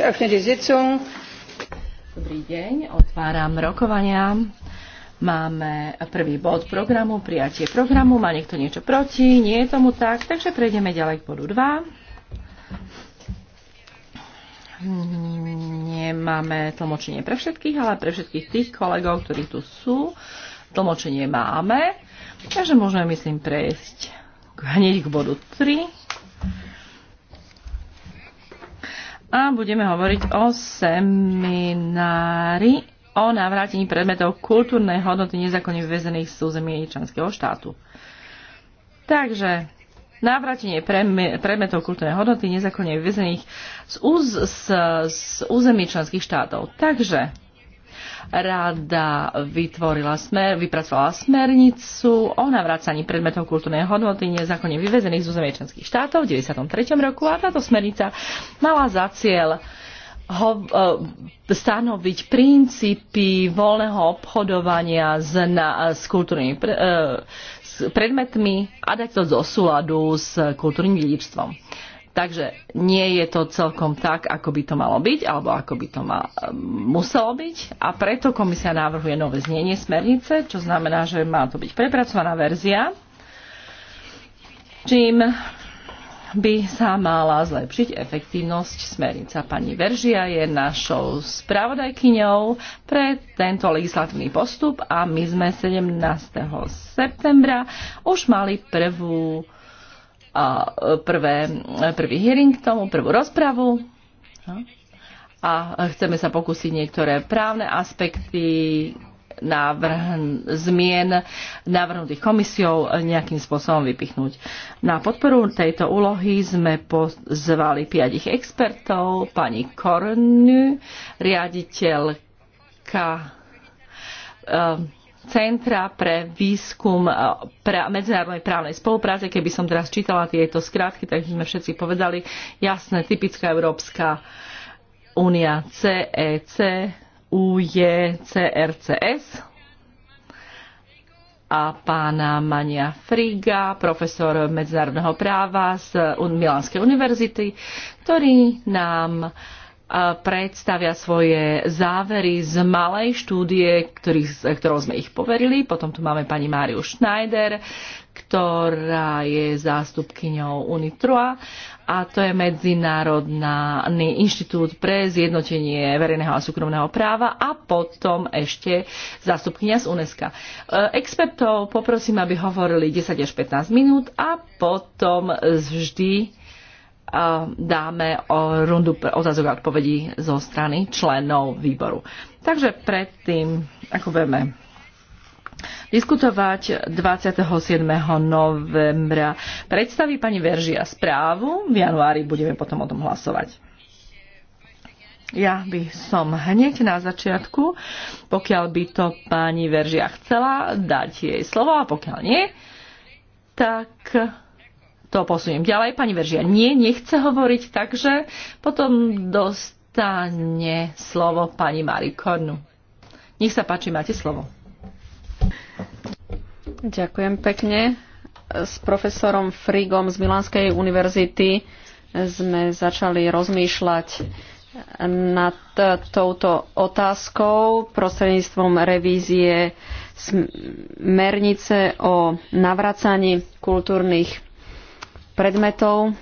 Dobrý deň, otváram rokovania. Máme prvý bod programu, prijatie programu. Má niekto niečo proti? Nie je tomu tak, takže prejdeme ďalej k bodu 2. Nemáme tlmočenie pre všetkých, ale pre všetkých tých kolegov, ktorí tu sú. Tlmočenie máme, takže môžeme, myslím, prejsť hneď k bodu 3 a budeme hovoriť o seminári o navrátení predmetov kultúrnej hodnoty nezákonne vyvezených z území členského štátu. Takže navrátenie predmetov kultúrnej hodnoty nezákonne vyvezených z, úz, z, z území členských štátov. Takže Rada vytvorila smer, vypracovala smernicu o navrácaní predmetov kultúrnej hodnoty nezákonne vyvezených z územie členských štátov v 93. roku a táto smernica mala za cieľ ho, stanoviť princípy voľného obchodovania s, na, s kultúrnymi pre, s predmetmi a dať to zo súladu s kultúrnym dedičstvom. Takže nie je to celkom tak, ako by to malo byť, alebo ako by to mal, eh, muselo byť. A preto komisia navrhuje nové znenie smernice, čo znamená, že má to byť prepracovaná verzia, čím by sa mala zlepšiť efektívnosť smernica. Pani Veržia je našou spravodajkyňou pre tento legislatívny postup a my sme 17. septembra už mali prvú a e, prvé, e, prvý hearing k tomu, prvú rozpravu no. a chceme sa pokúsiť niektoré právne aspekty návrh, zmien navrhnutých komisiou nejakým spôsobom vypichnúť. Na podporu tejto úlohy sme pozvali piatich expertov, pani Kornu, riaditeľka e, Centra pre výskum e, pre medzinárodnej právnej spolupráce. Keby som teraz čítala tieto skratky, tak by sme všetci povedali jasné, typická Európska únia CEC, UJ, CRCS, a pána Mania Friga, profesor medzinárodného práva z Milánskej univerzity, ktorý nám predstavia svoje závery z malej štúdie, ktorých, ktorou sme ich poverili. Potom tu máme pani Máriu Schneider, ktorá je zástupkyňou UNITROA a to je Medzinárodný inštitút pre zjednotenie verejného a súkromného práva a potom ešte zástupkynia z UNESCO. E, expertov poprosím, aby hovorili 10 až 15 minút a potom vždy Eh, dáme o rundu otázok a odpovedí zo strany členov výboru. Takže predtým, ako vieme, diskutovať 27. novembra. Predstaví pani Veržia správu, v januári budeme potom o tom hlasovať. Ja by som hneď na začiatku, pokiaľ by to pani Veržia chcela, dať jej slovo a pokiaľ nie, tak to posuniem ďalej. Pani Veržia nie, nechce hovoriť, takže potom dostane slovo pani Marikornu. Nech sa páči, máte slovo. Ďakujem pekne. S profesorom Frigom z Milanskej univerzity sme začali rozmýšľať nad touto otázkou prostredníctvom revízie smernice o navracaní kultúrnych predmetov.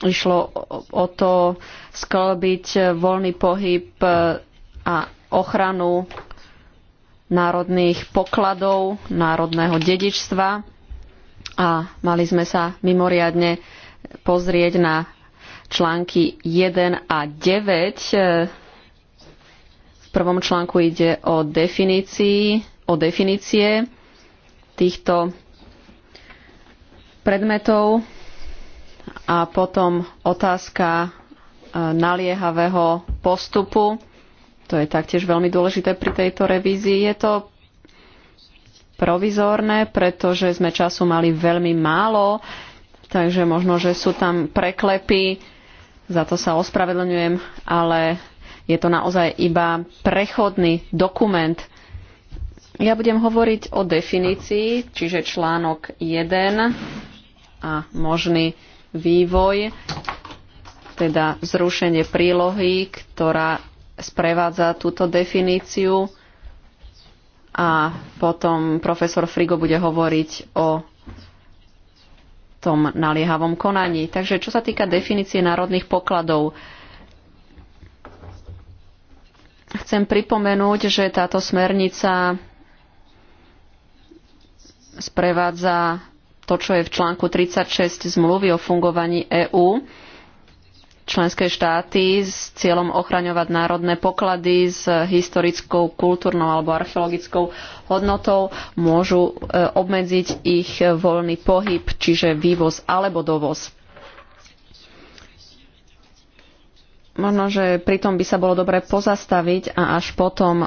Išlo o to sklbiť voľný pohyb e, a ochranu národných pokladov, národného dedičstva a mali sme sa mimoriadne pozrieť na články 1 a 9. E, v prvom článku ide o, definícii, o definície týchto predmetov a potom otázka e, naliehavého postupu. To je taktiež veľmi dôležité pri tejto revízii. Je to provizórne, pretože sme času mali veľmi málo, takže možno, že sú tam preklepy, za to sa ospravedlňujem, ale je to naozaj iba prechodný dokument. Ja budem hovoriť o definícii, čiže článok 1 a možný vývoj, teda zrušenie prílohy, ktorá sprevádza túto definíciu a potom profesor Frigo bude hovoriť o tom naliehavom konaní. Takže čo sa týka definície národných pokladov, chcem pripomenúť, že táto smernica sprevádza to, čo je v článku 36 zmluvy o fungovaní EÚ. Členské štáty s cieľom ochraňovať národné poklady s historickou, kultúrnou alebo archeologickou hodnotou môžu e, obmedziť ich voľný pohyb, čiže vývoz alebo dovoz. možno, že pritom by sa bolo dobre pozastaviť a až potom e,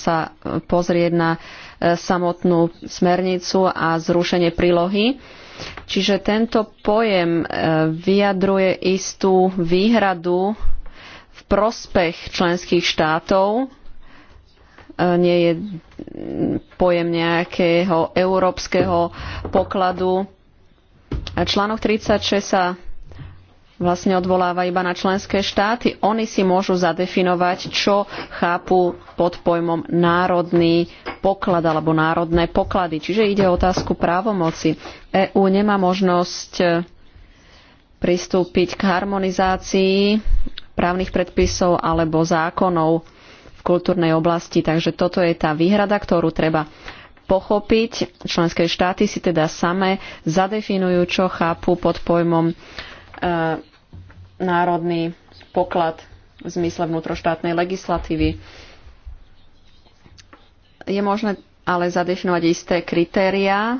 sa pozrieť na samotnú smernicu a zrušenie prílohy. Čiže tento pojem e, vyjadruje istú výhradu v prospech členských štátov. E, nie je pojem nejakého európskeho pokladu. Článok 36 sa vlastne odvoláva iba na členské štáty. Oni si môžu zadefinovať, čo chápu pod pojmom národný poklad alebo národné poklady. Čiže ide o otázku právomoci. EÚ nemá možnosť e, pristúpiť k harmonizácii právnych predpisov alebo zákonov v kultúrnej oblasti. Takže toto je tá výhrada, ktorú treba pochopiť. Členské štáty si teda same zadefinujú, čo chápu pod pojmom e, národný poklad v zmysle vnútroštátnej legislatívy. Je možné ale zadefinovať isté kritériá.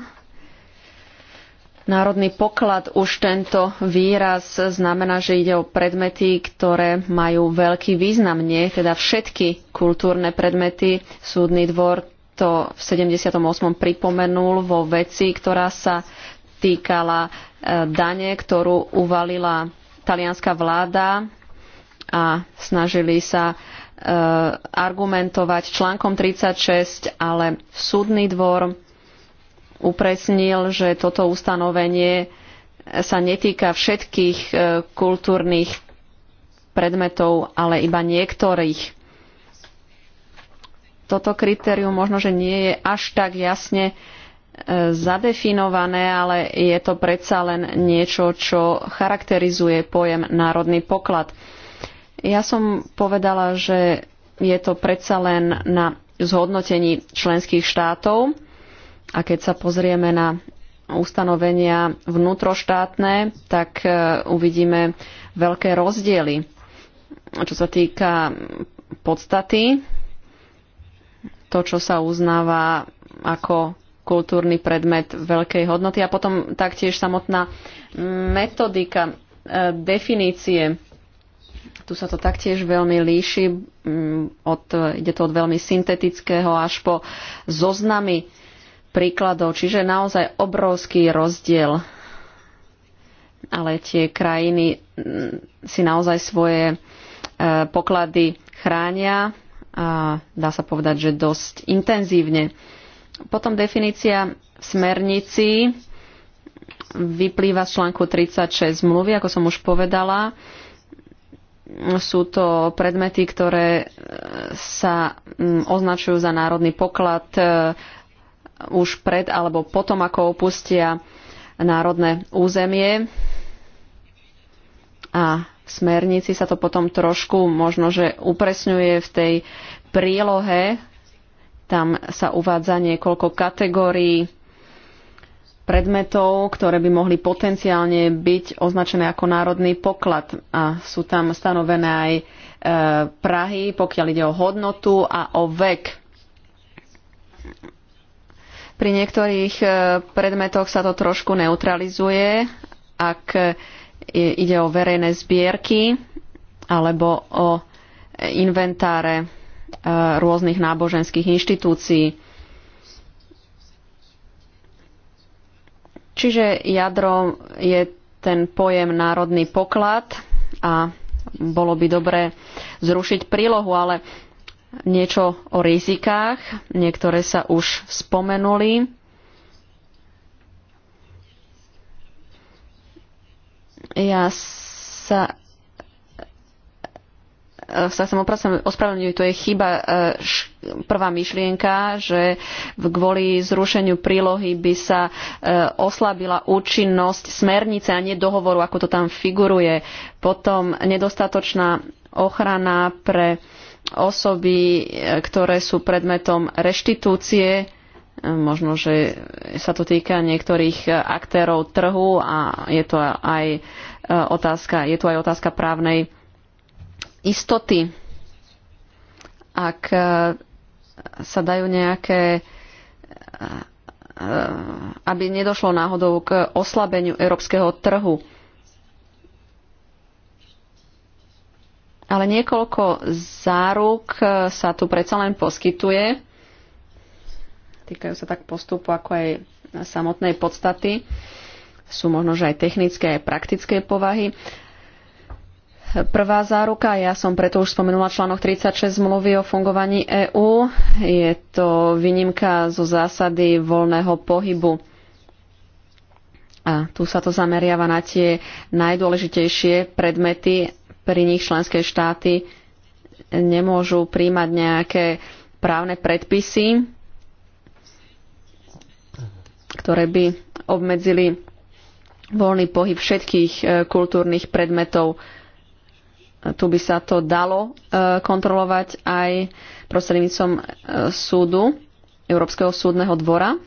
Národný poklad už tento výraz znamená, že ide o predmety, ktoré majú veľký význam. Nie, teda všetky kultúrne predmety. Súdny dvor to v 78. pripomenul vo veci, ktorá sa týkala e, dane, ktorú uvalila talianská vláda a snažili sa e, argumentovať článkom 36, ale súdny dvor upresnil, že toto ustanovenie sa netýka všetkých e, kultúrnych predmetov, ale iba niektorých. Toto kritérium možno, že nie je až tak jasne E, zadefinované, ale je to predsa len niečo, čo charakterizuje pojem národný poklad. Ja som povedala, že je to predsa len na zhodnotení členských štátov a keď sa pozrieme na ustanovenia vnútroštátne, tak e, uvidíme veľké rozdiely. Čo sa týka podstaty, to, čo sa uznáva ako kultúrny predmet veľkej hodnoty a potom taktiež samotná metodika e, definície. Tu sa to taktiež veľmi líši, od, ide to od veľmi syntetického až po zoznamy príkladov, čiže naozaj obrovský rozdiel. Ale tie krajiny si naozaj svoje e, poklady chránia a dá sa povedať, že dosť intenzívne. Potom definícia v smernici vyplýva z článku 36 zmluvy, ako som už povedala. Sú to predmety, ktoré e, sa označujú za národný poklad e, už pred alebo potom, ako opustia národné územie. A v smernici sa to potom trošku možno, že upresňuje v tej prílohe tam sa uvádza niekoľko kategórií predmetov, ktoré by mohli potenciálne byť označené ako národný poklad. A sú tam stanovené aj e, Prahy, pokiaľ ide o hodnotu a o vek. Pri niektorých e, predmetoch sa to trošku neutralizuje, ak e, ide o verejné zbierky alebo o inventáre Eh, rôznych náboženských inštitúcií. Čiže jadro je ten pojem národný poklad a bolo by dobré zrušiť prílohu, ale niečo o rizikách. Niektoré sa už spomenuli. Ja sa Eh, sa som ospravedlňujem, to je chyba eh, prvá myšlienka, že kvôli zrušeniu prílohy by sa eh, oslabila účinnosť smernice a nie dohovoru, ako to tam figuruje. Potom nedostatočná ochrana pre osoby, ktoré sú predmetom reštitúcie. Možno, že sa to týka niektorých aktérov trhu a je to aj otázka, je tu aj otázka právnej istoty. Ak e, sa dajú nejaké e, e, aby nedošlo náhodou k oslabeniu európskeho trhu. Ale niekoľko záruk sa tu predsa len poskytuje. Týkajú sa tak postupu, ako aj samotnej podstaty. Sú možno, že aj technické, aj praktické povahy. Prvá záruka, ja som preto už spomenula článok 36 zmluvy o fungovaní EÚ. Je to výnimka zo zásady voľného pohybu. A tu sa to zameriava na tie najdôležitejšie predmety. Pri nich členské štáty nemôžu príjmať nejaké právne predpisy, ktoré by obmedzili voľný pohyb všetkých e, kultúrnych predmetov tu by sa to dalo e, kontrolovať aj prostrednícom e, súdu, Európskeho súdneho dvora.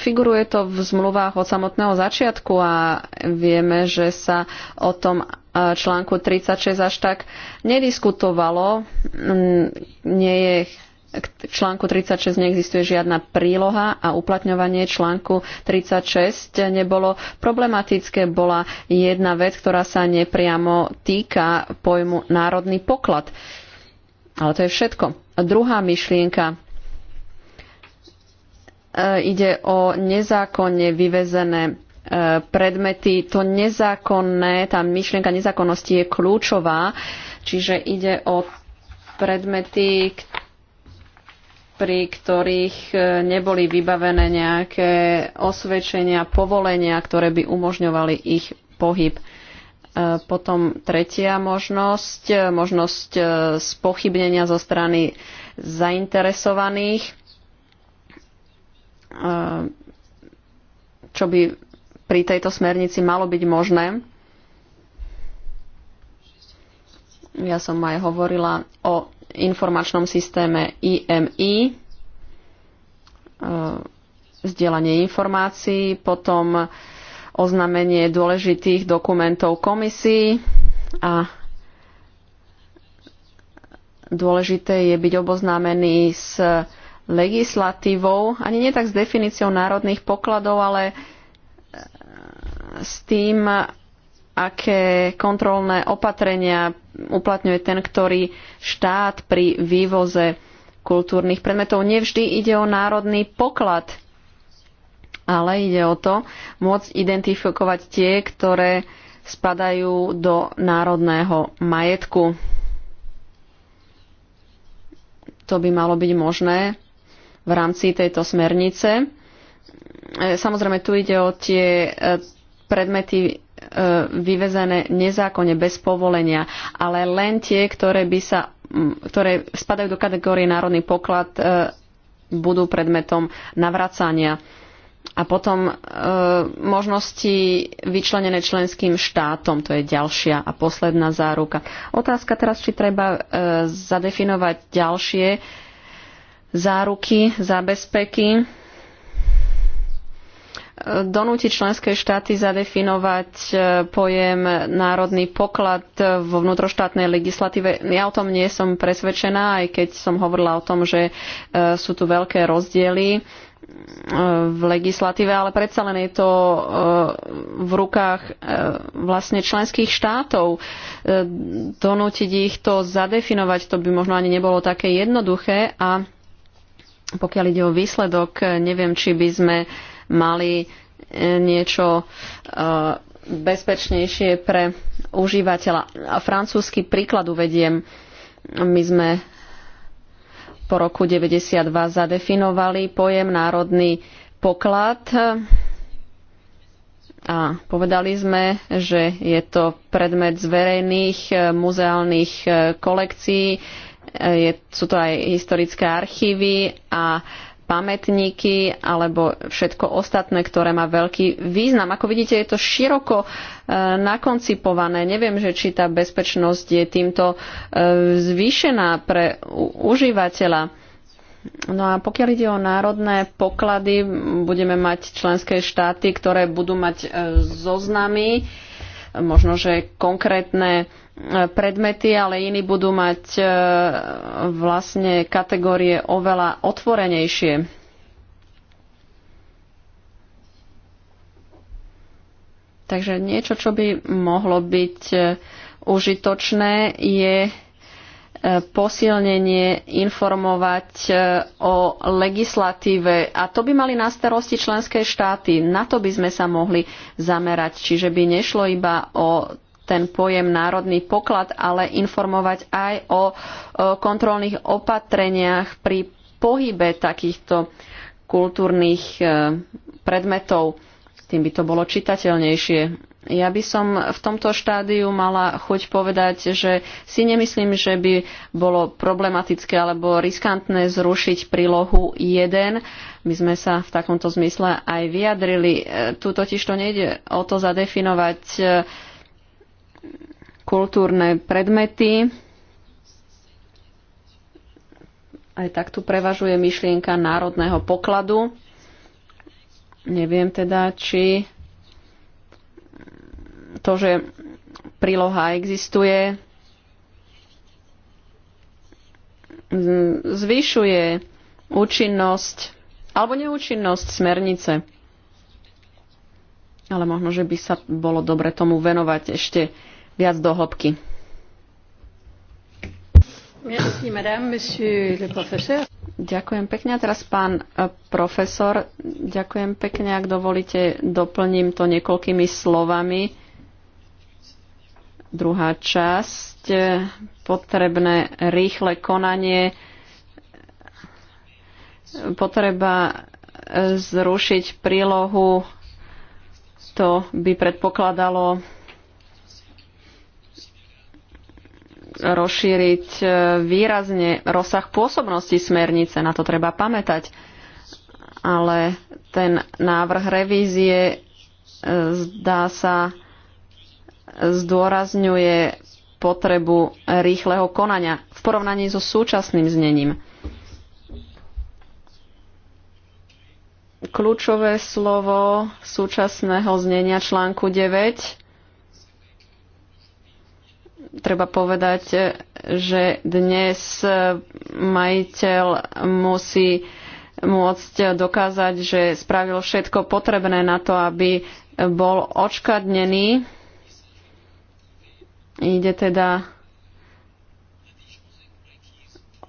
Figuruje to v zmluvách od samotného začiatku a vieme, že sa o tom e, článku 36 až tak nediskutovalo. Mm, nie je k článku 36 neexistuje žiadna príloha a uplatňovanie článku 36 nebolo problematické. Bola jedna vec, ktorá sa nepriamo týka pojmu národný poklad. Ale to je všetko. A druhá myšlienka e, ide o nezákonne vyvezené e, predmety. To nezákonné, tá myšlienka nezákonnosti je kľúčová, čiže ide o predmety, ktoré pri ktorých e, neboli vybavené nejaké osvedčenia, povolenia, ktoré by umožňovali ich pohyb. E, potom tretia možnosť, e, možnosť spochybnenia zo strany zainteresovaných, čo by pri tejto smernici malo byť možné. Ja som aj hovorila o informačnom systéme IMI, e, zdieľanie informácií, potom oznámenie dôležitých dokumentov komisii a dôležité je byť oboznámený s legislatívou, ani nie tak s definíciou národných pokladov, ale s tým, aké kontrolné opatrenia uplatňuje ten, ktorý štát pri vývoze kultúrnych predmetov. Nevždy ide o národný poklad, ale ide o to môcť identifikovať tie, ktoré spadajú do národného majetku. To by malo byť možné v rámci tejto smernice. E, samozrejme, tu ide o tie e, predmety E, vyvezené nezákonne bez povolenia, ale len tie, ktoré, by sa, ktoré spadajú do kategórie národný poklad, e, budú predmetom navracania. A potom e, možnosti vyčlenené členským štátom, to je ďalšia a posledná záruka. Otázka teraz, či treba e, zadefinovať ďalšie záruky, zabezpeky donúti členské štáty zadefinovať e, pojem národný poklad vo vnútroštátnej legislatíve. Ja o tom nie som presvedčená, aj keď som hovorila o tom, že e, sú tu veľké rozdiely e, v legislatíve, ale predsa len je to v rukách vlastne členských štátov. Donútiť ich to zadefinovať, to by možno ani nebolo také jednoduché a pokiaľ ide o výsledok, neviem, či by sme uh, mali e, niečo e, bezpečnejšie pre užívateľa. A francúzsky príklad uvediem. My sme po roku 92 zadefinovali pojem národný poklad a povedali sme, že je to predmet z verejných e, muzeálnych kolekcií, je, sú to aj historické archívy a pamätníky alebo všetko ostatné, ktoré má veľký význam. Ako vidíte, je to široko e, nakoncipované. Neviem, že či tá bezpečnosť je týmto e, zvýšená pre užívateľa. No a pokiaľ ide o národné poklady, budeme mať členské štáty, ktoré budú mať e, zoznamy možno, že konkrétne e, predmety, ale iní budú mať e, vlastne kategórie oveľa otvorenejšie. Takže niečo, čo by mohlo byť e, užitočné, je posilnenie, informovať e, o legislatíve a to by mali na starosti členské štáty. Na to by sme sa mohli zamerať, čiže by nešlo iba o ten pojem národný poklad, ale informovať aj o kontrolných opatreniach pri pohybe takýchto kultúrnych e, predmetov. Tým by to bolo čitateľnejšie. Ja by som v tomto štádiu mala chuť povedať, že si nemyslím, že by bolo problematické alebo riskantné zrušiť prílohu 1. My sme sa v takomto zmysle aj vyjadrili. E, tu totiž to nejde o to zadefinovať e, kultúrne predmety. Aj tak tu prevažuje myšlienka národného pokladu. Neviem teda, či to, že príloha existuje, zvyšuje účinnosť alebo neúčinnosť smernice. Ale možno, že by sa bolo dobre tomu venovať ešte viac do hĺbky. Ďakujem pekne. A teraz pán e, profesor, ďakujem pekne, ak dovolíte, doplním to niekoľkými slovami Druhá časť, eh, potrebné rýchle konanie, potreba eh, zrušiť prílohu, to by predpokladalo rozšíriť eh, výrazne rozsah pôsobnosti smernice, na to treba pamätať. Ale ten návrh revízie zdá sa zdôrazňuje potrebu rýchleho konania v porovnaní so súčasným znením. Kľúčové slovo súčasného znenia článku 9 treba povedať, že dnes majiteľ musí môcť dokázať, že spravil všetko potrebné na to, aby bol očkadnený. Ide teda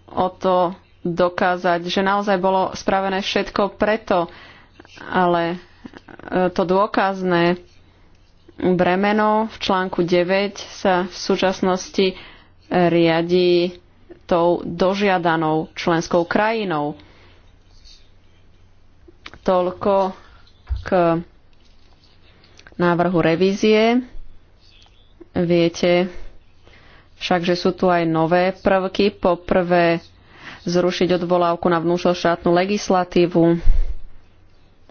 o to dokázať, že naozaj bolo spravené všetko preto, ale e, to dôkazné bremeno v článku 9 sa v súčasnosti e, riadi tou dožiadanou členskou krajinou. Toľko k návrhu revízie. Viete však, že sú tu aj nové prvky. Poprvé zrušiť odvolávku na vnúšoštátnu legislatívu,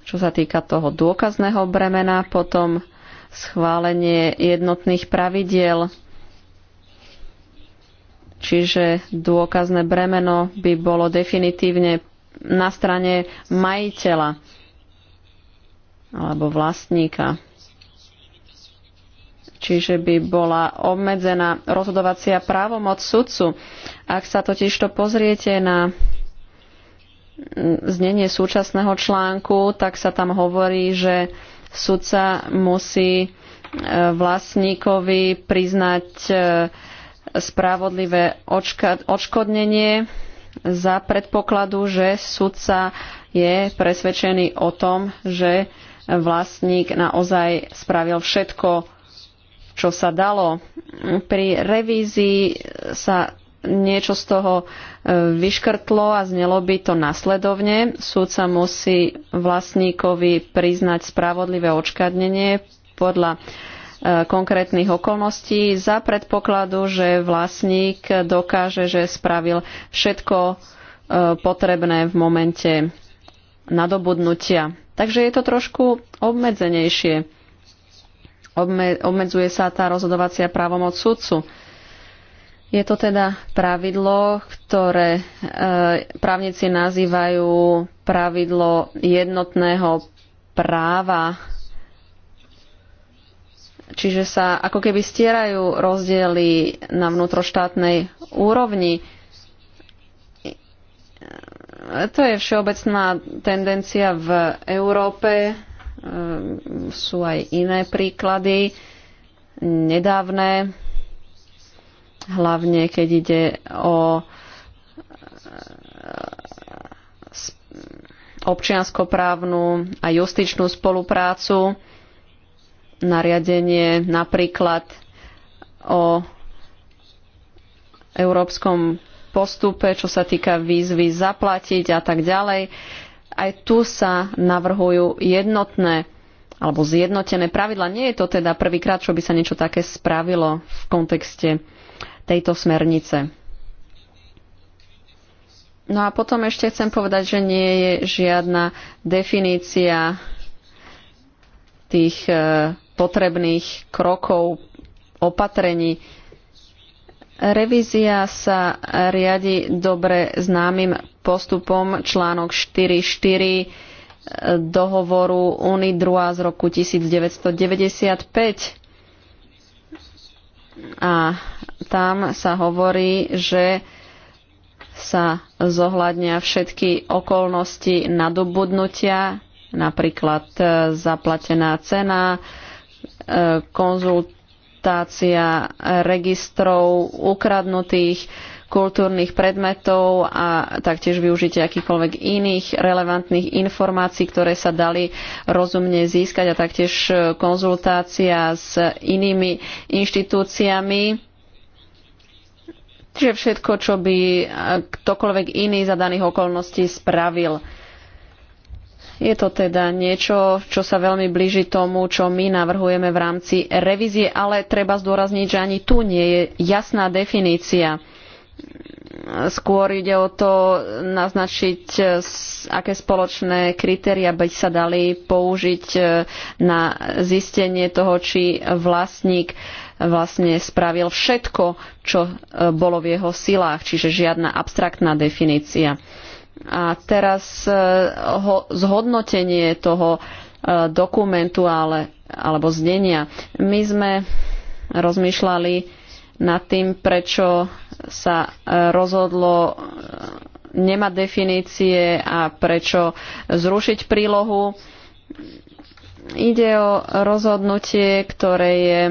čo sa týka toho dôkazného bremena, potom schválenie jednotných pravidiel, čiže dôkazné bremeno by bolo definitívne na strane majiteľa alebo vlastníka čiže by bola obmedzená rozhodovacia právomoc sudcu. Ak sa totiž to pozriete na mm, znenie súčasného článku, tak sa tam hovorí, že sudca musí e, vlastníkovi priznať e, spravodlivé odškodnenie za predpokladu, že sudca je presvedčený o tom, že vlastník naozaj spravil všetko čo sa dalo. Pri revízii sa niečo z toho e, vyškrtlo a znelo by to nasledovne. Súdca musí vlastníkovi priznať spravodlivé očkadnenie podľa e, konkrétnych okolností za predpokladu, že vlastník dokáže, že spravil všetko e, potrebné v momente nadobudnutia. Takže je to trošku obmedzenejšie obmedzuje sa tá rozhodovacia právomoc sudcu. Je to teda pravidlo, ktoré e, právnici nazývajú pravidlo jednotného práva. Čiže sa ako keby stierajú rozdiely na vnútroštátnej úrovni. E, to je všeobecná tendencia v Európe Ehm, sú aj iné príklady, nedávne, hlavne keď ide o eh, občianskoprávnu a justičnú spoluprácu, nariadenie napríklad o európskom postupe, čo sa týka výzvy zaplatiť a tak ďalej. Aj tu sa navrhujú jednotné alebo zjednotené pravidla. Nie je to teda prvýkrát, čo by sa niečo také spravilo v kontexte tejto smernice. No a potom ešte chcem povedať, že nie je žiadna definícia tých e, potrebných krokov, opatrení. Revízia sa riadi dobre známym postupom článok 4.4 e, dohovoru UNIDRUA z roku 1995. A tam sa hovorí, že sa zohľadnia všetky okolnosti nadobudnutia, napríklad e, zaplatená cena, e, konzultácia registrov ukradnutých, kultúrnych predmetov a taktiež využite akýchkoľvek iných relevantných informácií, ktoré sa dali rozumne získať a taktiež e, konzultácia s inými inštitúciami. Čiže všetko, čo by e, ktokoľvek iný za daných okolností spravil. Je to teda niečo, čo sa veľmi blíži tomu, čo my navrhujeme v rámci revízie, ale treba zdôrazniť, že ani tu nie je jasná definícia Skôr ide o to naznačiť, e, aké spoločné kritéria by sa dali použiť e, na zistenie toho, či vlastník vlastne spravil všetko, čo e, bolo v jeho silách, čiže žiadna abstraktná definícia. A teraz zhodnotenie toho dokumentu ale, alebo znenia. My sme rozmýšľali nad tým, prečo sa e, rozhodlo e, nemať definície a prečo zrušiť prílohu. Ide o rozhodnutie, ktoré je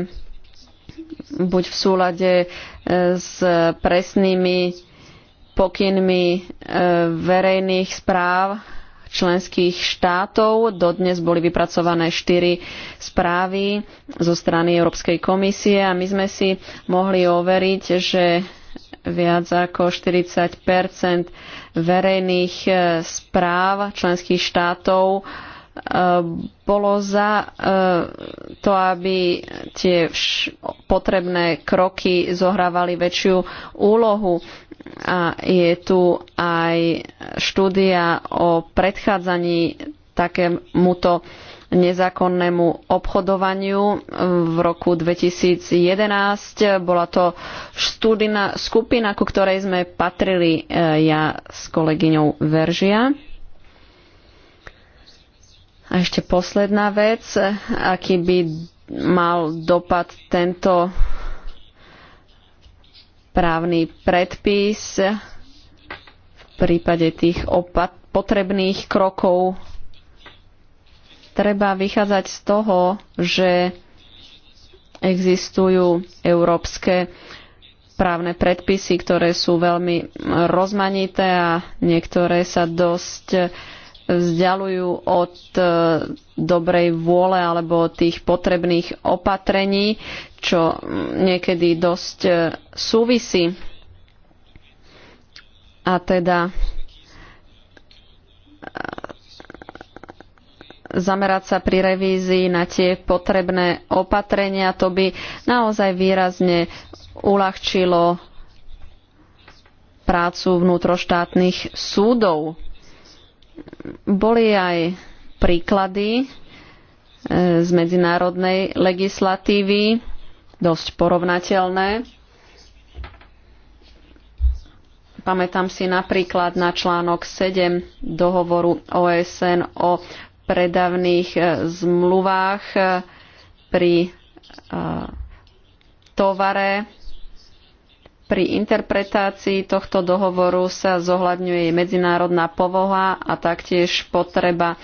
buď v súlade e, s presnými pokynmi verejných správ členských štátov. Dodnes boli vypracované štyri správy zo strany Európskej komisie a my sme si mohli overiť, že viac ako 40 verejných e, správ členských štátov e, bolo za e, to, aby tie potrebné kroky zohrávali väčšiu úlohu. A je tu aj štúdia o predchádzaní takémuto nezákonnému obchodovaniu. V roku 2011 bola to štúdina, skupina, ku ktorej sme patrili e, ja s kolegyňou Veržia. A ešte posledná vec, aký by mal dopad tento právny predpis v prípade tých opat- potrebných krokov treba vychádzať z toho, že existujú európske právne predpisy, ktoré sú veľmi rozmanité a niektoré sa dosť vzdialujú od e, dobrej vôle alebo tých potrebných opatrení, čo mm, niekedy dosť e, súvisí. A teda e, zamerať sa pri revízii na tie potrebné opatrenia. To by naozaj výrazne uľahčilo prácu vnútroštátnych súdov. Boli aj príklady e, z medzinárodnej legislatívy, dosť porovnateľné. Pamätám si napríklad na článok 7 dohovoru OSN o predavných e, zmluvách e, pri e, tovare. Pri interpretácii tohto dohovoru sa zohľadňuje medzinárodná povoha a taktiež potreba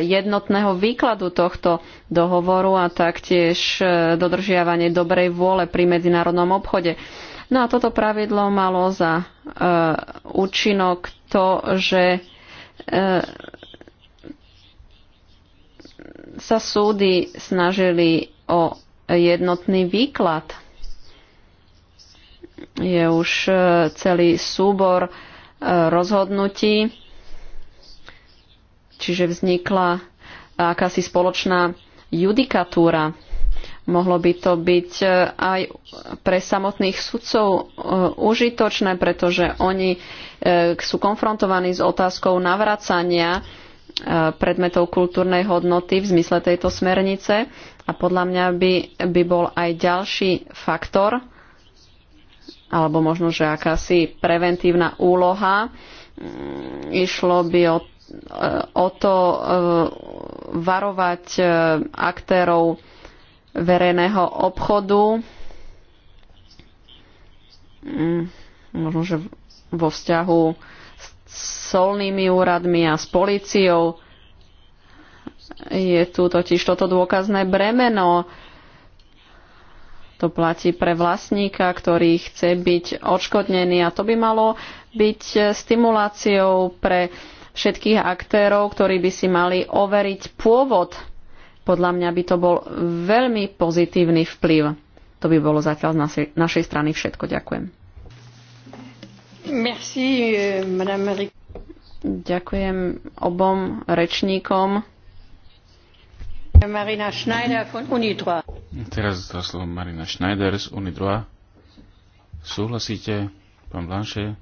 jednotného výkladu tohto dohovoru a taktiež dodržiavanie dobrej vôle pri medzinárodnom obchode. No a toto pravidlo malo za účinok to, že sa súdy snažili o jednotný výklad. Je už e, celý súbor e, rozhodnutí, čiže vznikla akási spoločná judikatúra. Mohlo by to byť e, aj pre samotných sudcov užitočné, pretože oni sú konfrontovaní s otázkou navracania E, predmetov kultúrnej hodnoty v zmysle tejto smernice a podľa mňa by, by bol aj ďalší faktor, alebo možno, že akási preventívna úloha. Mm, išlo by o, e, o to e, varovať aktérov verejného obchodu, mm, možno, že vo vzťahu colnými úradmi a s policiou. Je tu totiž toto dôkazné bremeno. To platí pre vlastníka, ktorý chce byť odškodnený a to by malo byť stimuláciou pre všetkých aktérov, ktorí by si mali overiť pôvod. Podľa mňa by to bol veľmi pozitívny vplyv. To by bolo zatiaľ z našej strany všetko. Ďakujem. Euh, Ďakujem obom rečníkom. Marina Schneider von Unidroit. Teraz za slovo Marina Schneider z Unidroa. Súhlasíte, pán Blanche,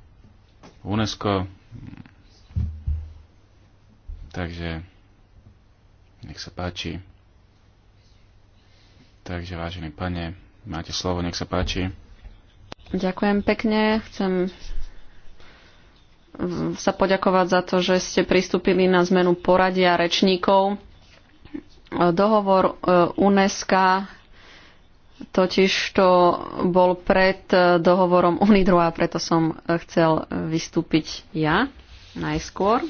UNESCO, takže nech sa páči. Takže, vážený pane, máte slovo, nech sa páči. Ďakujem pekne. Chcem sa poďakovať za to, že ste pristúpili na zmenu poradia rečníkov. Dohovor e, UNESCO totiž to bol pred dohovorom UNIDRO a preto som e, chcel e, vystúpiť ja najskôr.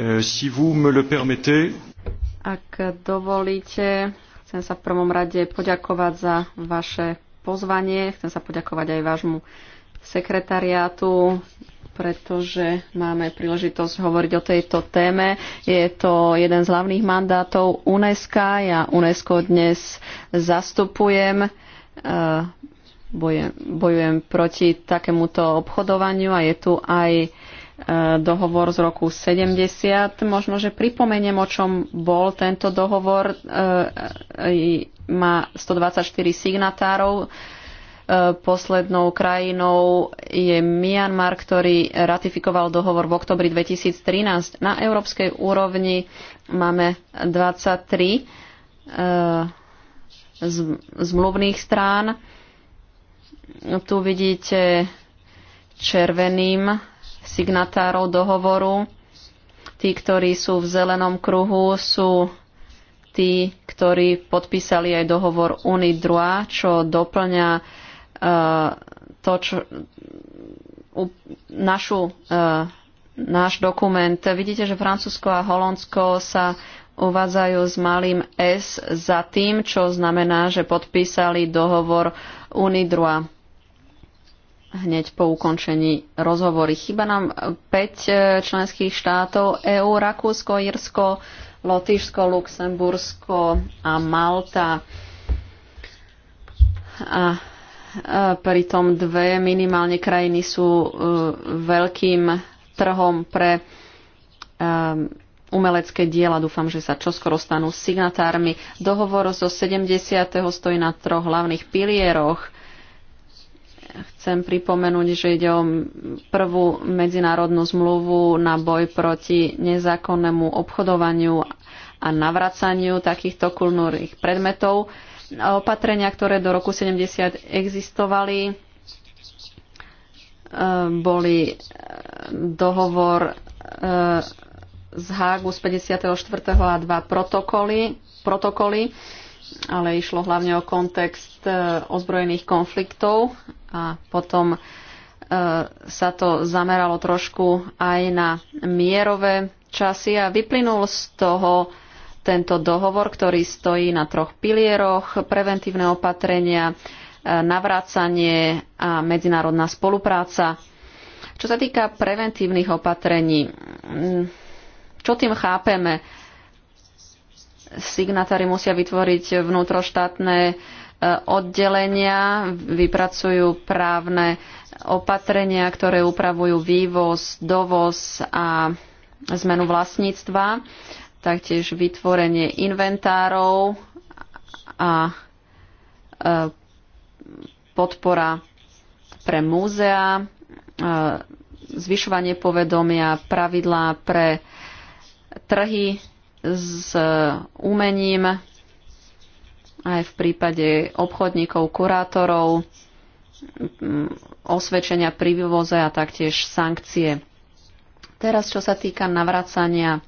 Eh, si vous me le permettez. Ak dovolíte, chcem sa v prvom rade poďakovať za vaše pozvanie. Chcem sa poďakovať aj vášmu sekretariátu, pretože máme príležitosť hovoriť o tejto téme. Je to jeden z hlavných mandátov UNESCO. Ja UNESCO dnes zastupujem. Eh, bojujem, bojujem proti takémuto obchodovaniu a je tu aj dohovor z roku 70. Možno, že pripomeniem, o čom bol tento dohovor. E, e, má 124 signatárov. E, poslednou krajinou je Myanmar, ktorý ratifikoval dohovor v oktobri 2013. Na európskej úrovni máme 23 zmluvných strán. Tu vidíte červeným signatárov dohovoru. Tí, ktorí sú v zelenom kruhu, sú tí, ktorí podpísali aj dohovor UNIDRUA, čo doplňa uh, to, čo, u, našu, uh, náš dokument. Vidíte, že Francúzsko a Holandsko sa uvádzajú s malým S za tým, čo znamená, že podpísali dohovor UNIDRUA hneď po ukončení rozhovory. Chyba nám 5 e, e, členských štátov EÚ, Rakúsko, Irsko, Lotyšsko, Luxembursko a Malta. A e, pritom dve minimálne krajiny sú veľkým trhom pre umelecké diela. Dúfam, že sa čoskoro stanú signatármi. Dohovor zo 70. stojí na troch hlavných pilieroch – Chcem pripomenúť, že ide o prvú medzinárodnú zmluvu na boj proti nezákonnému obchodovaniu a navracaniu takýchto kultúrnych predmetov. Opatrenia, ktoré do roku 70 existovali, e, boli e, dohovor e, z Hágu z 54. a dva protokoly, protokoly ale išlo hlavne o kontext e, ozbrojených konfliktov a potom e, sa to zameralo trošku aj na mierové časy a vyplynul z toho tento dohovor, ktorý stojí na troch pilieroch, preventívne opatrenia, e, navrácanie a medzinárodná spolupráca. Čo sa týka preventívnych opatrení, čo tým chápeme? signatári musia vytvoriť vnútroštátne e, oddelenia, vypracujú právne opatrenia, ktoré upravujú vývoz, dovoz a zmenu vlastníctva, taktiež vytvorenie inventárov a e, podpora pre múzea, e, zvyšovanie povedomia, pravidlá pre trhy s umením, aj v prípade obchodníkov, kurátorov, osvedčenia pri vývoze a taktiež sankcie. Teraz, čo sa týka navracania,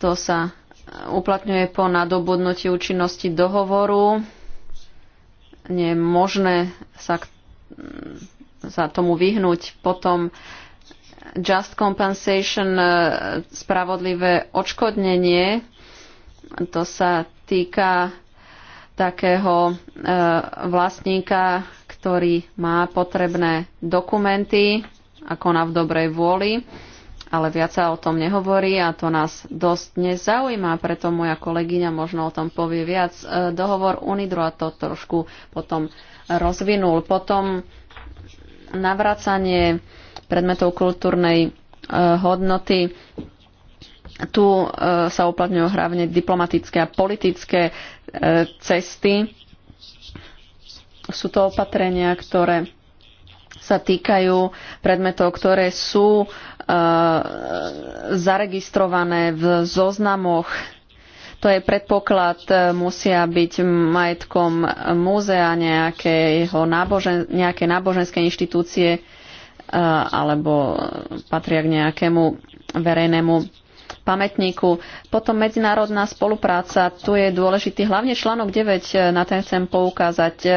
to sa uplatňuje po nadobudnutí účinnosti dohovoru. Nie je možné sa, sa tomu vyhnúť. Potom just compensation, e, spravodlivé odškodnenie. To sa týka takého e, vlastníka, ktorý má potrebné dokumenty ako na v dobrej vôli, ale viac sa o tom nehovorí a to nás dosť nezaujíma, preto moja kolegyňa možno o tom povie viac. E, dohovor Unidro a to trošku potom rozvinul. Potom navracanie predmetov kultúrnej e, hodnoty. Tu e, sa uplatňujú hlavne diplomatické a politické e, cesty. Sú to opatrenia, ktoré sa týkajú predmetov, ktoré sú zaregistrované v zoznamoch. To je predpoklad, musia byť majetkom múzea nejakého nábožen, nejaké náboženské inštitúcie, E, alebo patria k nejakému verejnému pamätníku. Potom medzinárodná spolupráca, tu je dôležitý hlavne článok 9, e, na ten chcem poukázať. E,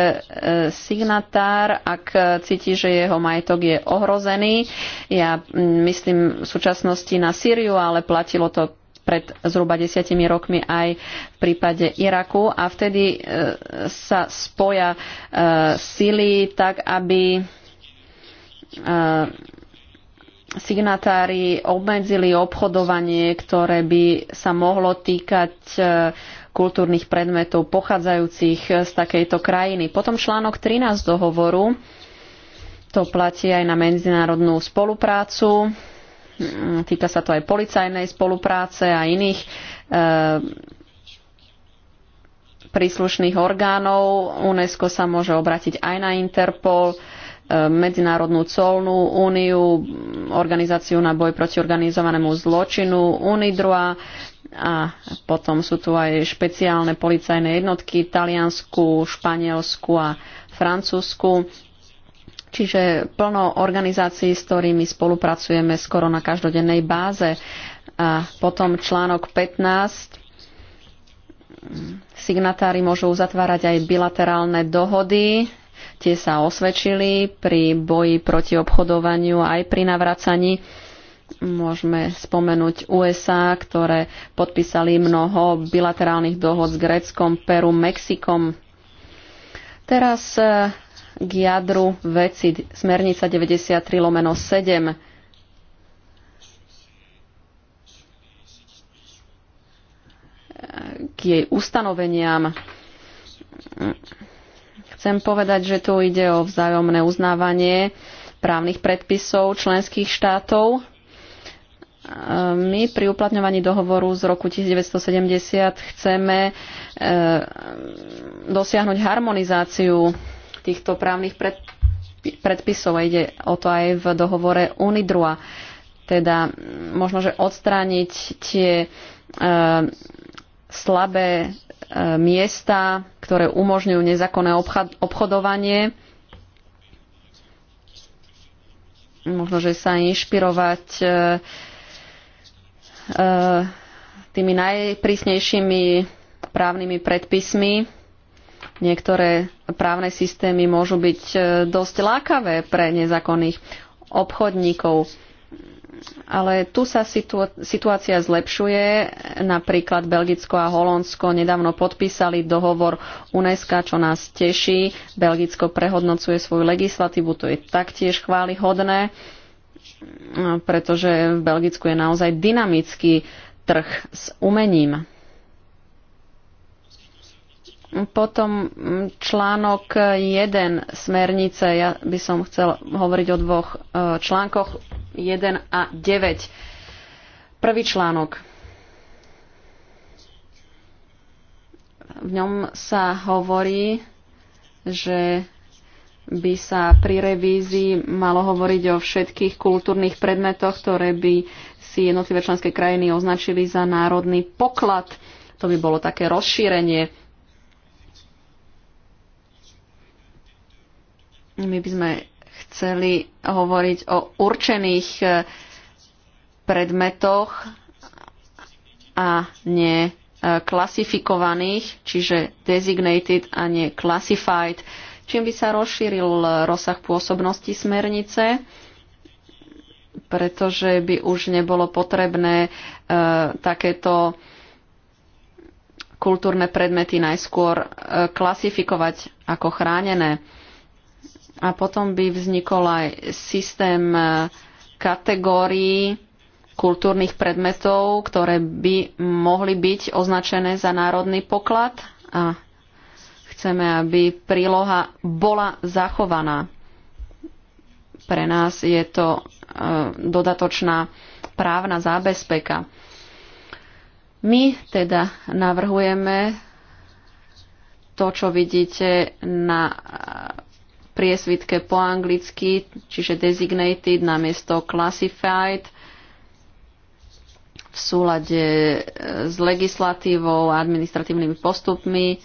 signatár, ak cíti, že jeho majetok je ohrozený, ja myslím v súčasnosti na Sýriu, ale platilo to pred zhruba desiatimi rokmi aj v prípade Iraku a vtedy sa spoja sily tak, aby E, signatári obmedzili obchodovanie, ktoré by sa mohlo týkať e, kultúrnych predmetov pochádzajúcich z takejto krajiny. Potom článok 13 dohovoru, to platí aj na medzinárodnú spoluprácu, mm, týka sa to aj policajnej spolupráce a iných e, príslušných orgánov. UNESCO sa môže obratiť aj na Interpol. E, Medzinárodnú colnú úniu, Organizáciu na boj proti organizovanému zločinu, UNIDROA a potom sú tu aj špeciálne policajné jednotky Taliansku, Španielsku a Francúzsku. Čiže plno organizácií, s ktorými spolupracujeme skoro na každodennej báze. A potom článok 15. Signatári môžu uzatvárať aj bilaterálne dohody Tie sa osvedčili pri boji proti obchodovaniu aj pri navracaní. Môžeme spomenúť USA, ktoré podpísali mnoho bilaterálnych dohod s Gréckom, Peru, Mexikom. Teraz eh, k jadru veci smernica 93 lomeno 7. K jej ustanoveniam Chcem povedať, že tu ide o vzájomné uznávanie právnych predpisov členských štátov. My pri uplatňovaní dohovoru z roku 1970 chceme e, dosiahnuť harmonizáciu týchto právnych predpisov. Ide o to aj v dohovore UNIDRUA. Teda možno, že odstrániť tie e, slabé e, miesta, ktoré umožňujú nezákonné obchodovanie. Možno, že sa inšpirovať e, e, tými najprísnejšími právnymi predpismi. Niektoré právne systémy môžu byť dosť lákavé pre nezákonných obchodníkov ale tu sa situácia zlepšuje. Napríklad Belgicko a Holandsko nedávno podpísali dohovor UNESCO, čo nás teší. Belgicko prehodnocuje svoju legislatívu, to je taktiež chválihodné, pretože v Belgicku je naozaj dynamický trh s umením. Potom mm, článok 1 smernice, ja by som chcel hovoriť o dvoch e, článkoch 1 a 9. Prvý článok. V ňom sa hovorí, že by sa pri revízii malo hovoriť o všetkých kultúrnych predmetoch, ktoré by si jednotlivé členské krajiny označili za národný poklad. To by bolo také rozšírenie My by sme chceli hovoriť o určených e, predmetoch a nie e, klasifikovaných, čiže designated a nie classified, čím by sa rozšíril rozsah pôsobnosti smernice, pretože by už nebolo potrebné e, takéto kultúrne predmety najskôr e, klasifikovať ako chránené a potom by vznikol aj systém e, kategórií kultúrnych predmetov, ktoré by mohli byť označené za národný poklad a chceme, aby príloha bola zachovaná. Pre nás je to e, dodatočná právna zábezpeka. My teda navrhujeme to, čo vidíte na priesvitke po anglicky, čiže designated namiesto classified v súlade eh, s legislatívou a administratívnymi postupmi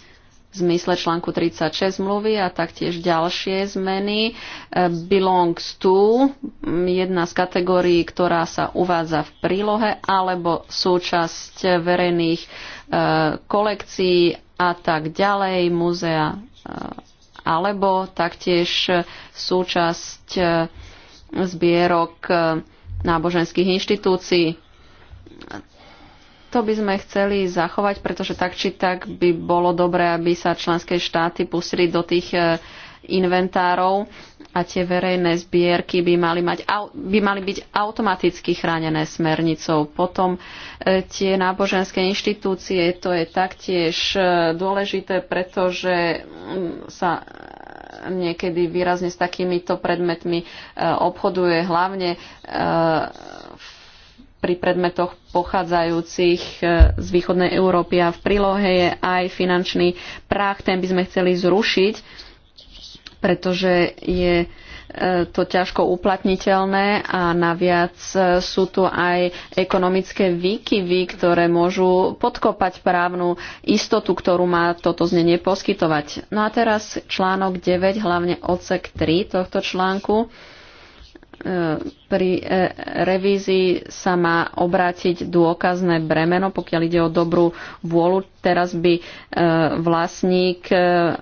v zmysle článku 36 mluvy a taktiež ďalšie zmeny. Eh, belongs to, mm, jedna z kategórií, ktorá sa uvádza v prílohe, alebo súčasť verejných eh, kolekcií a tak ďalej, múzea alebo taktiež súčasť e, zbierok e, náboženských inštitúcií. To by sme chceli zachovať, pretože tak či tak by bolo dobré, aby sa členské štáty pustili do tých e, inventárov a tie verejné zbierky by mali, mať, by mali byť automaticky chránené smernicou. Potom e, tie náboženské inštitúcie, to je taktiež e, dôležité, pretože mm, sa e, niekedy výrazne s takýmito predmetmi obchoduje, hlavne pri predmetoch pochádzajúcich z východnej Európy a v prílohe je aj finančný práh, ten by sme chceli zrušiť pretože je e, to ťažko uplatniteľné a naviac e, sú tu aj ekonomické výkyvy, ktoré môžu podkopať právnu istotu, ktorú má toto znenie poskytovať. No a teraz článok 9, hlavne odsek 3 tohto článku E, pri e, revízii sa má obrátiť dôkazné bremeno, pokiaľ ide o dobrú vôľu. Teraz by e, vlastník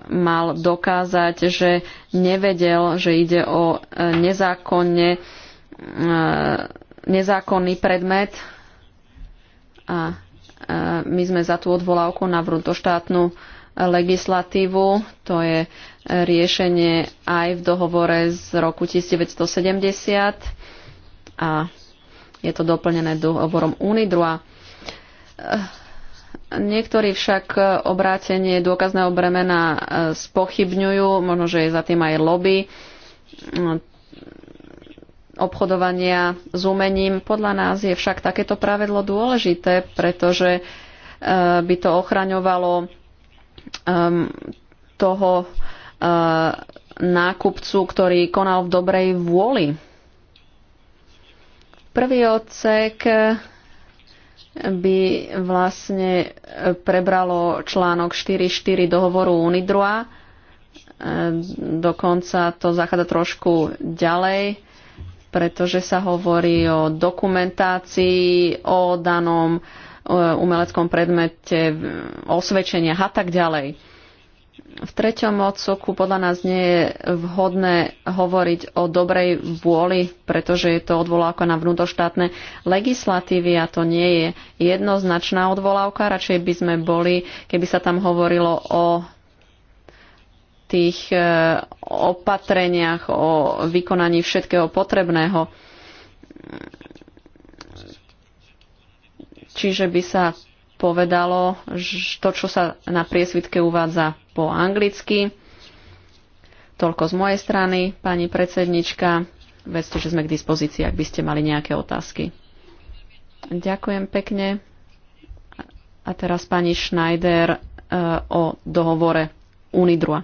mal dokázať, že nevedel, že ide o nezákonne, nezákonný predmet a my sme za tú odvolávku na vrútoštátnu legislatívu. To je riešenie aj v dohovore z roku 1970 a je to doplnené dohovorom UNIDRUA. Eh, niektorí však obrátenie dôkazného bremena eh, spochybňujú, možno, že je za tým aj lobby mm, obchodovania s umením. Podľa nás je však takéto pravidlo dôležité, pretože eh, by to ochraňovalo ehm, toho Eh, nákupcu, ktorý konal v dobrej vôli. Prvý odsek by vlastne prebralo článok 4.4 dohovoru UNIDROA. Eh, dokonca to zachádza trošku ďalej, pretože sa hovorí o dokumentácii, o danom eh, umeleckom predmete, osvedčeniach a tak ďalej. V treťom odsoku podľa nás nie je vhodné hovoriť o dobrej vôli, pretože je to odvolávka na vnútroštátne legislatívy a to nie je jednoznačná odvolávka. Radšej by sme boli, keby sa tam hovorilo o tých e, opatreniach, o vykonaní všetkého potrebného. Čiže by sa povedalo to, čo sa na priesvitke uvádza po anglicky. Toľko z mojej strany, pani predsednička. Vedzte, že sme k dispozícii, ak by ste mali nejaké otázky. Ďakujem pekne. A teraz pani Schneider eh, o dohovore UNIDRUA.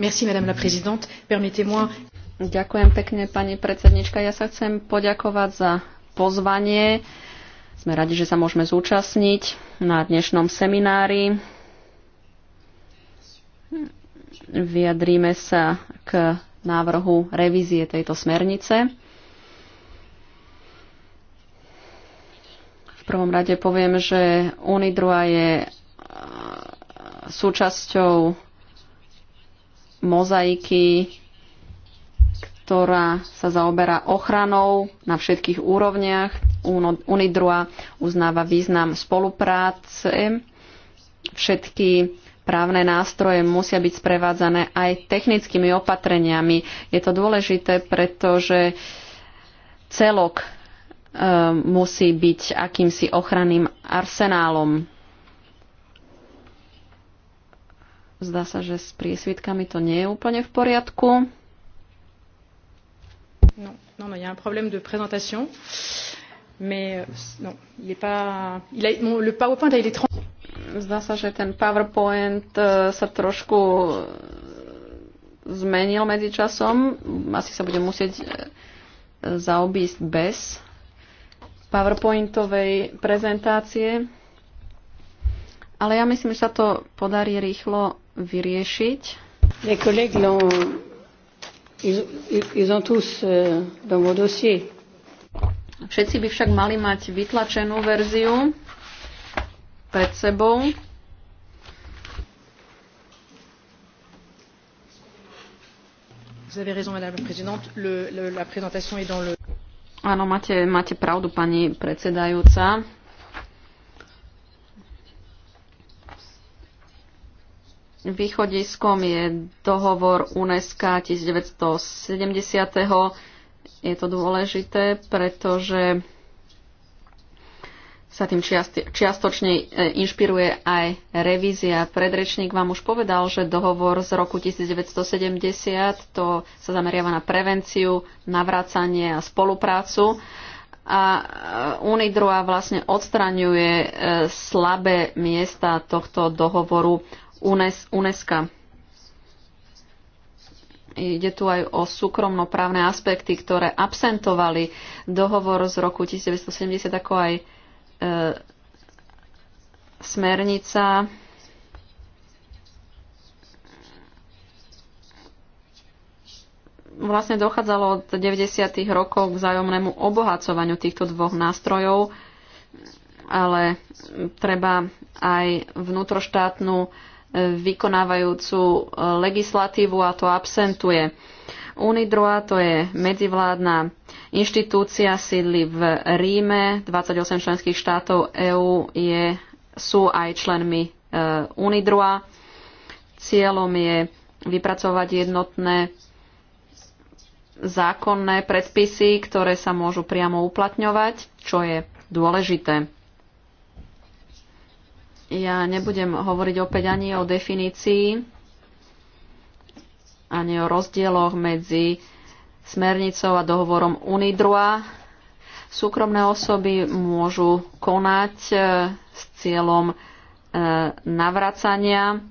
madame la présidente. Permettez-moi... Ďakujem pekne, pani predsednička. Ja sa chcem poďakovať za pozvanie. Sme radi, že sa môžeme zúčastniť na dnešnom seminári. Vyjadríme sa k návrhu revízie tejto smernice. V prvom rade poviem, že UNIDROA je e, súčasťou mozaiky, ktorá sa zaoberá ochranou na všetkých úrovniach. unidrua uznáva význam spolupráce. Všetky právne nástroje musia byť sprevádzané aj technickými opatreniami. Je to dôležité, pretože celok e, musí byť akýmsi ochranným arsenálom Zdá sa, že s priesvitkami to nie je úplne v poriadku. No, no, no, il y a un problème de présentation. Mais euh, non, il est pas. Il a, bon, le PowerPoint, il est 30. Zdá sa, že ten PowerPoint euh, sa trošku euh, zmenil medzi časom. Asi sa bude musieť zaobísť bez PowerPointovej prezentácie. Ale ja myslím, že sa to podarí rýchlo vyriešiť. Les collègues l'ont... Ils, ils ont tous euh, dans Všetci by však mali mať vytlačenú verziu pred sebou. Vous avez raison, Madame la Présidente. Le, le, la présentation est dans le... Áno, máte, máte pravdu, pani predsedajúca. Východiskom je dohovor UNESCO 1970. Je to dôležité, pretože sa tým čiastočne e, inšpiruje aj revízia. Predrečník vám už povedal, že dohovor z roku 1970 to sa zameriava na prevenciu, navrácanie a spoluprácu a e, UNIDROA vlastne odstraňuje e, slabé miesta tohto dohovoru UNESCO. Ide tu aj o súkromnoprávne aspekty, ktoré absentovali dohovor z roku 1970, ako aj e, smernica vlastne dochádzalo od 90. rokov k vzájomnému obohacovaniu týchto dvoch nástrojov, ale treba aj vnútroštátnu vykonávajúcu e, legislatívu a to absentuje. UNIDROA to je medzivládna inštitúcia, sídli v Ríme, 28 členských štátov EÚ je, sú aj členmi e, UNIDROA. Cieľom je vypracovať jednotné zákonné predpisy, ktoré sa môžu priamo uplatňovať, čo je dôležité. Ja nebudem hovoriť opäť ani o definícii, ani o rozdieloch medzi smernicou a dohovorom Unidrua. Súkromné osoby môžu konať e, s cieľom e, navracania.